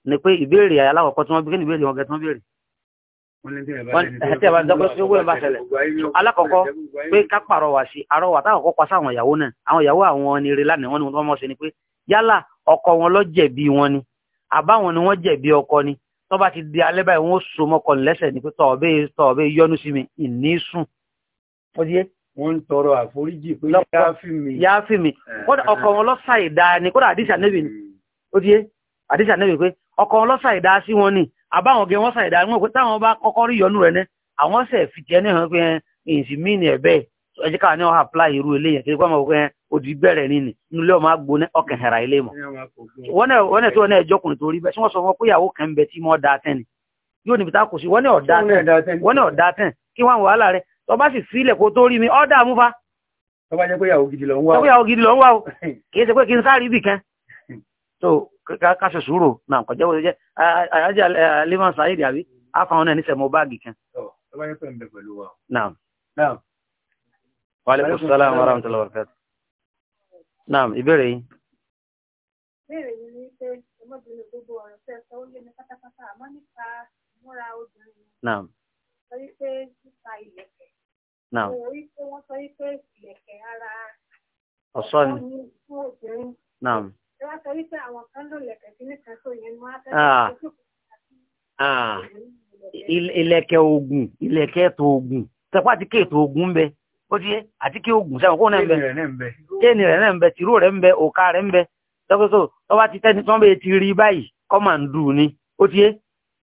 ni pé ìbéèrè alákọ̀ọ́kọ́ tí wọ́n bí kí ni ìbéèrè wọn gẹ tí wọ́n béèrè. alákọ̀ọ́kọ́ pé ká pàrọwà sí arọwà táwọn kọ́kọ́ sáwọn ìyàwó náà àwọn ìyàwó àwọn ni rẹ lánàá wọn ni wọ́n mọ̀ sí ni pé yálà ọkọ wọn ló jẹ̀bi wọn ni àbáwọn ni wọ́n jẹ̀bi ọkọ ni tó bá ti di alẹ́ báyìí wọ́n so mọ́kọ lẹ́sẹ̀ ni pé tọ̀ọ̀bẹ́ tọ̀ọ̀bẹ́ yọnu sí mi ìní sùn. ó ti yé wọ́n ń tọrọ àforíjì pé yááfì mi. yááfì mi eh, kódà ọkọ wọn lọ́sà ìdá ni kódà àdìsí ànẹ́bì ni hmm. ó ti yé àdìsí ànẹ́bì pé ọkọ wọn lọ́sà ìdá sí wọn ni àbáwọn gẹ wọn sà ìdá wọn pé táwọn bá kọ́kọ́ rí yọnu rẹ̀ ní àwọn sẹ̀ fi tiẹ̀ náà pé èsì mí ni ẹ̀ bẹ́ẹ̀ káwọn ní wọn apply irú eléyìí kí wọ́n mọ̀ pé odi bẹ̀rẹ̀ ni ni inú ilé ọmọ agbo ní ọkàn hẹ̀rà ilé mọ̀ wọ́n ẹ̀ tí wọ́n ẹ̀ jọkùnrin torí bẹ́ẹ̀ mo da tẹ́ni yóò níbi tá kò sí wọ́n ní ọ̀dá tẹ́n kí wọ́n wàhálà tó bá sì sílẹ̀ kó tó rí mi ọ́dà mú fa. tó bá jẹ́ pé ìyàwó gidi lọ ń wá o. tó bá yàwó gidi lọ ń wá o kìí ṣe pé kí n sáré ibì kan. tó káṣọ sùúrù náà kọjá wo jẹ àyájá lehman sayid àbí àfàwọn náà níṣẹ́ mọ báàgì kan. tó bá yẹ pé ń bẹ pẹ̀lú wa. naam. naam. wa alaikum salaam wa rahmatullahi wa barakatuh. naam ìbéèrè yín. ìbéèrè yín ni pé ọmọbìnrin gbogbo ọ̀rọ̀ fẹ́ sọ ó yé mi pátápátá àmọ́ nípa ìmúra obìnrin. naam. sọ wípé nípa ilẹ̀ náà. ọ̀ṣọ́ ni. náà. ẹ wá sọ wípé àwọn kan ló lẹ̀kẹ̀ sí nìkan tó yẹn mọ́ ilẹ̀kẹ̀ ogun ilẹ̀kẹ̀ tó ogun tẹpá àti ah. kéètò ogun ń bẹ ó ti yé àti kí ogun sẹ́wọ̀n kó náà ń bẹ kéènì rẹ̀ náà ń bẹ tìró rẹ̀ ń bẹ òkà rẹ̀ ń bẹ tọ́kọ́tọ́ tọ́ba ti tẹ́ni tán bẹ́ẹ̀ ti rí báyìí kọ́mà ń dùn ni ó ti yé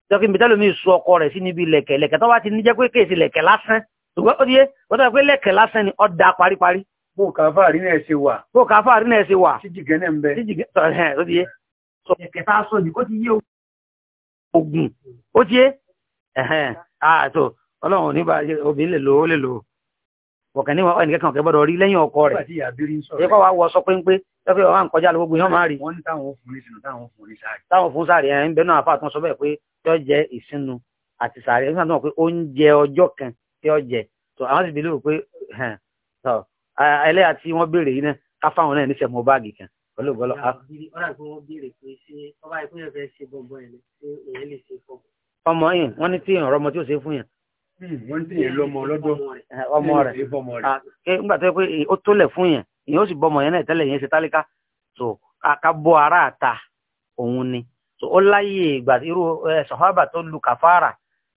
tọ́kí mi tẹ́lómi sọ ọkọ rẹ̀ sí níbi ilẹ̀kẹ̀ ilẹ̀kẹ̀ tọ́ba ti ní jẹ́ pé kéèsì ilẹ̀kẹ̀ lásán ṣùgbọ́n ó di yé ó tọ́ pé lẹ́kẹ̀ lásán ni ó da paríparí. bó kàáfà rí náà ṣe wà. bó kàáfà rí náà ṣe wà. tíjìgẹ́ náà ń bẹ. tíjìgẹ́ sọ ẹ̀ ó di yé. sọ kẹta aṣọ ni ó ti yé ogun ó ti yé. àtò ọlọ́run ò ní bá obìnrin lè lò ó lè lò ó. ọ̀kẹ́ ní wọn ẹnìkẹ́ kan ọ̀kẹ́ gbọ́dọ̀ rí lẹ́yìn ọkọ rẹ̀. ẹ kọ́ wa wọ sọ péńpé lọ́pẹ́ ọ̀hán kọjá lọ gbogbo yẹn máa rí. wọ́n ní táwọn òfin ìsinú táwọn òfin sáré. táwọn òfin sáré ẹ̀ ń bẹ́ẹ̀ náà àfa àtúnṣe bẹ́ẹ̀ pé yọ jẹ ìsinú àti sáré ẹ̀ ń sàtúnṣe pé oúnjẹ ọjọ́ kan tí ó jẹ tó àwọn sì bí lóò pé ẹlẹ́yà tí wọ́n béèrè yìí náà ká fáwọn náà níṣẹ́ mọ báàgì kan pẹ̀lú ìgbọ́lọ́. ọ̀rọ̀ àgbọn wọn béèrè pé ṣé ọba ìpínlẹ̀ fẹ́ ṣe gbọ̀ngbọ̀n ẹ̀ ṣé èèyàn lè ṣe fọ́. ọmọ yìí wọ́n ní tí ọ̀rọ̀ ọmọ tí ó ṣe fún yàn. Hmm, wọ́n ní tí èèyàn lọ́mọ lọ́dọ̀ ọmọ rẹ̀ nígbà tó yẹ pé ó tólẹ̀ fún yàn ìyẹn ó sì bọ́ ọmọ yẹn náà tẹ́lẹ̀ yẹn ṣe tálíkà tó ká bọ́ ara àta òun ni tó ó láyè ìgbà irú sàhábà tó lu kàfàrà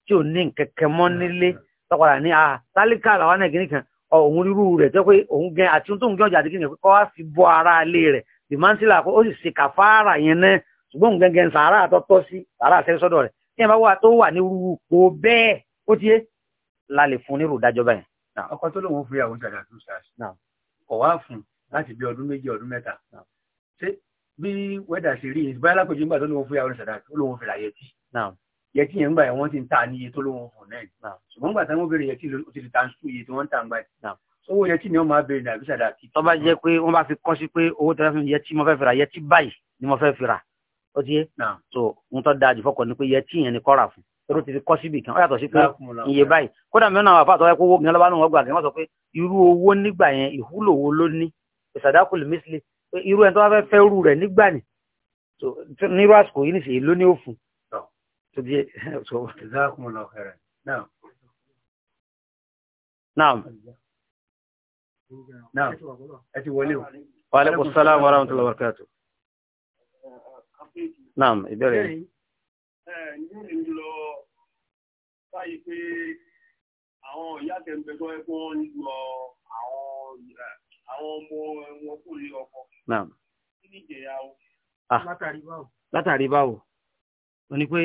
tí ò ní nkẹkẹ mọ́ nílé tọkọ̀dà ní a ah, tálíkà làwọn náà kìíní kan òun rírú rẹ̀ tó pé òun gẹ àti tó ń gẹ ọjà àdìgínì kọ́ wá fi bọ́ ara ilé rẹ̀ dìmánsílà ó sì ṣe kàfáàrà yẹn náà ṣùgbọ́n òun gẹ́gẹ́ sàárà àtọ́tọ́ sí sàárà àtẹ́sọ́dọ̀ rẹ̀ tí ẹ̀ bá wà tó wà ní rúru kò bẹ́ẹ̀ ó ti yé la lè fún nírú ìdájọ́ báyìí. ọkọ tó lóun fún ìyàwó ṣàdá tún ṣáà kọ wá fún láti bí ọdún méjì ọdún mẹ́ta ṣé bí wẹ́dà ṣe rí báyà lápèjì nígbà tó lóun fún ìyàwó ṣàdá tó lóun fi ràyè tì yẹtí yẹn gbà yẹn wọ́n ti ta ní iye tó lówó fún náà náà ṣùgbọ́n gbà táwọn bèrè yẹtí ó ti ta sùn iye tí wọ́n ń tà ń gbà náà owó ni wọ́n máa bèrè nàbí sàdá kí. tó bá jẹ́ pé wọ́n bá fi kọ́ sí pé owó tẹ́lẹ̀ fún yẹtí mo fẹ́ fira yẹtí báyìí ni mo fẹ́ fira ó ti yé so n tó da àjùfọ́kọ̀ ni pé yẹtí yẹn ni kọ́ra fún tó ti fi kọ́ síbì kan ó yàtọ̀ sí pé iye báyìí kódà mẹ́rin àwọn àfàtọ́ ẹ̀kọ́ owó mi tó bí so jazakumullahu khairan náà náà náà ẹ ti wọlé o wa alaikum salaam wa rahmatullahi wa barakatuh náà ìbẹ̀rẹ̀ báyìí pé àwọn ìyá kẹ̀mbẹ́ tó ẹ fún wọn lọ àwọn àwọn ọmọ wọn kò lè ọkọ. kí ni ìjẹyà o. Ah. látàrí báwo. látàrí báwo òní pé.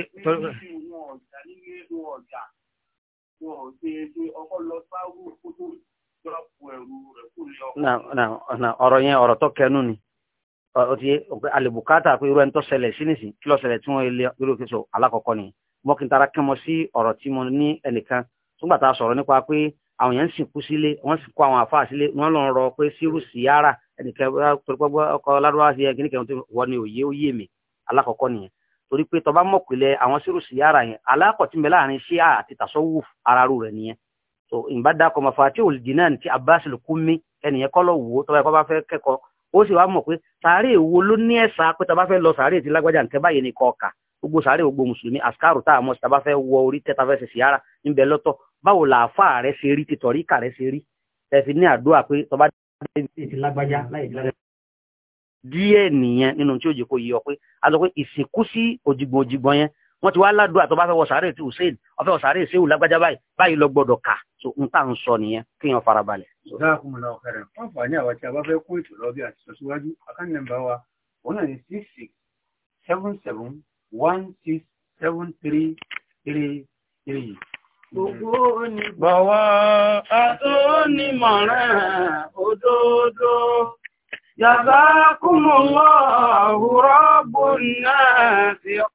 ọ̀rọ̀ yẹn ọ̀rọ̀ tó kẹnu ni ó ti alìbùkátà pé irú ẹni tó ṣẹlẹ̀ sí nìsín kí ló ṣẹlẹ̀ tí wọ́n lé irú kí so alákọ̀ọ́kọ́ ni mo kì í tara kẹ́mọ sí ọ̀rọ̀ tí mo ní ẹnìkan túgbà tá a sọ̀rọ̀ nípa pé àwọn yẹn ń sìnkú sílé wọ́n sì kó àwọn àfáà sílé wọ́n lọ rọ pé sírù síyára ẹnìkan ọkọ̀ ládùúgbò sí ẹgbẹ́ nìkan wọ́n ní òye ó yé mi alákọ̀ọ́kọ́ nìyẹn torí pé tọba mọ̀ pẹ̀lẹ́ àwọn sírùsì yára yẹn aláàkọ̀ tí ń bẹ láàrin ṣíà àti tàṣọ́wù ara rẹ̀ nìyẹn so ìbá dákọ̀ Mafatihul Jinan ti Abbas al-Kummi ẹnìyẹn kọ́ lọ wò ó tọba ẹ̀kọ́ bá fẹ́ kẹ́kọ̀ọ́ ó sì wá mọ̀ pé sàárè wo ló ní ẹ̀sà pé tọba fẹ́ lọ sàárè ti lágbájá nǹkan báyìí ní kọ̀ọ̀kà gbogbo sàárè gbogbo mùsùlùmí àṣkárù tá a mọ̀ tọba fẹ́ wọ orí tẹ́ta fẹ́ ṣe síyára níbẹ̀ lọ́tọ̀ báwo làáfà rẹ̀ ṣe rí tìtọ̀ríkà díẹ̀ nìyẹn nínú tí ó jẹ́ kó yí ọ pé a sọ pé ìsìnkú sí òjìgbọ̀n òjìgbọ̀n yẹn wọ́n ti wá ládùúgbò àtọ́ bá fẹ́ wọ sàárè tí hussein ọ̀fẹ́ wọ sàárè sẹ́wù lágbájá báyìí báyìí lọ gbọ́dọ̀ kà so n tà ń sọ nìyẹn kí yẹn farabalẹ̀. ìdáàkùnmọ̀lá ọ̀kẹ́rẹ̀ fún a bá onímọ̀ràn òdodo. جزاكم الله رب الناس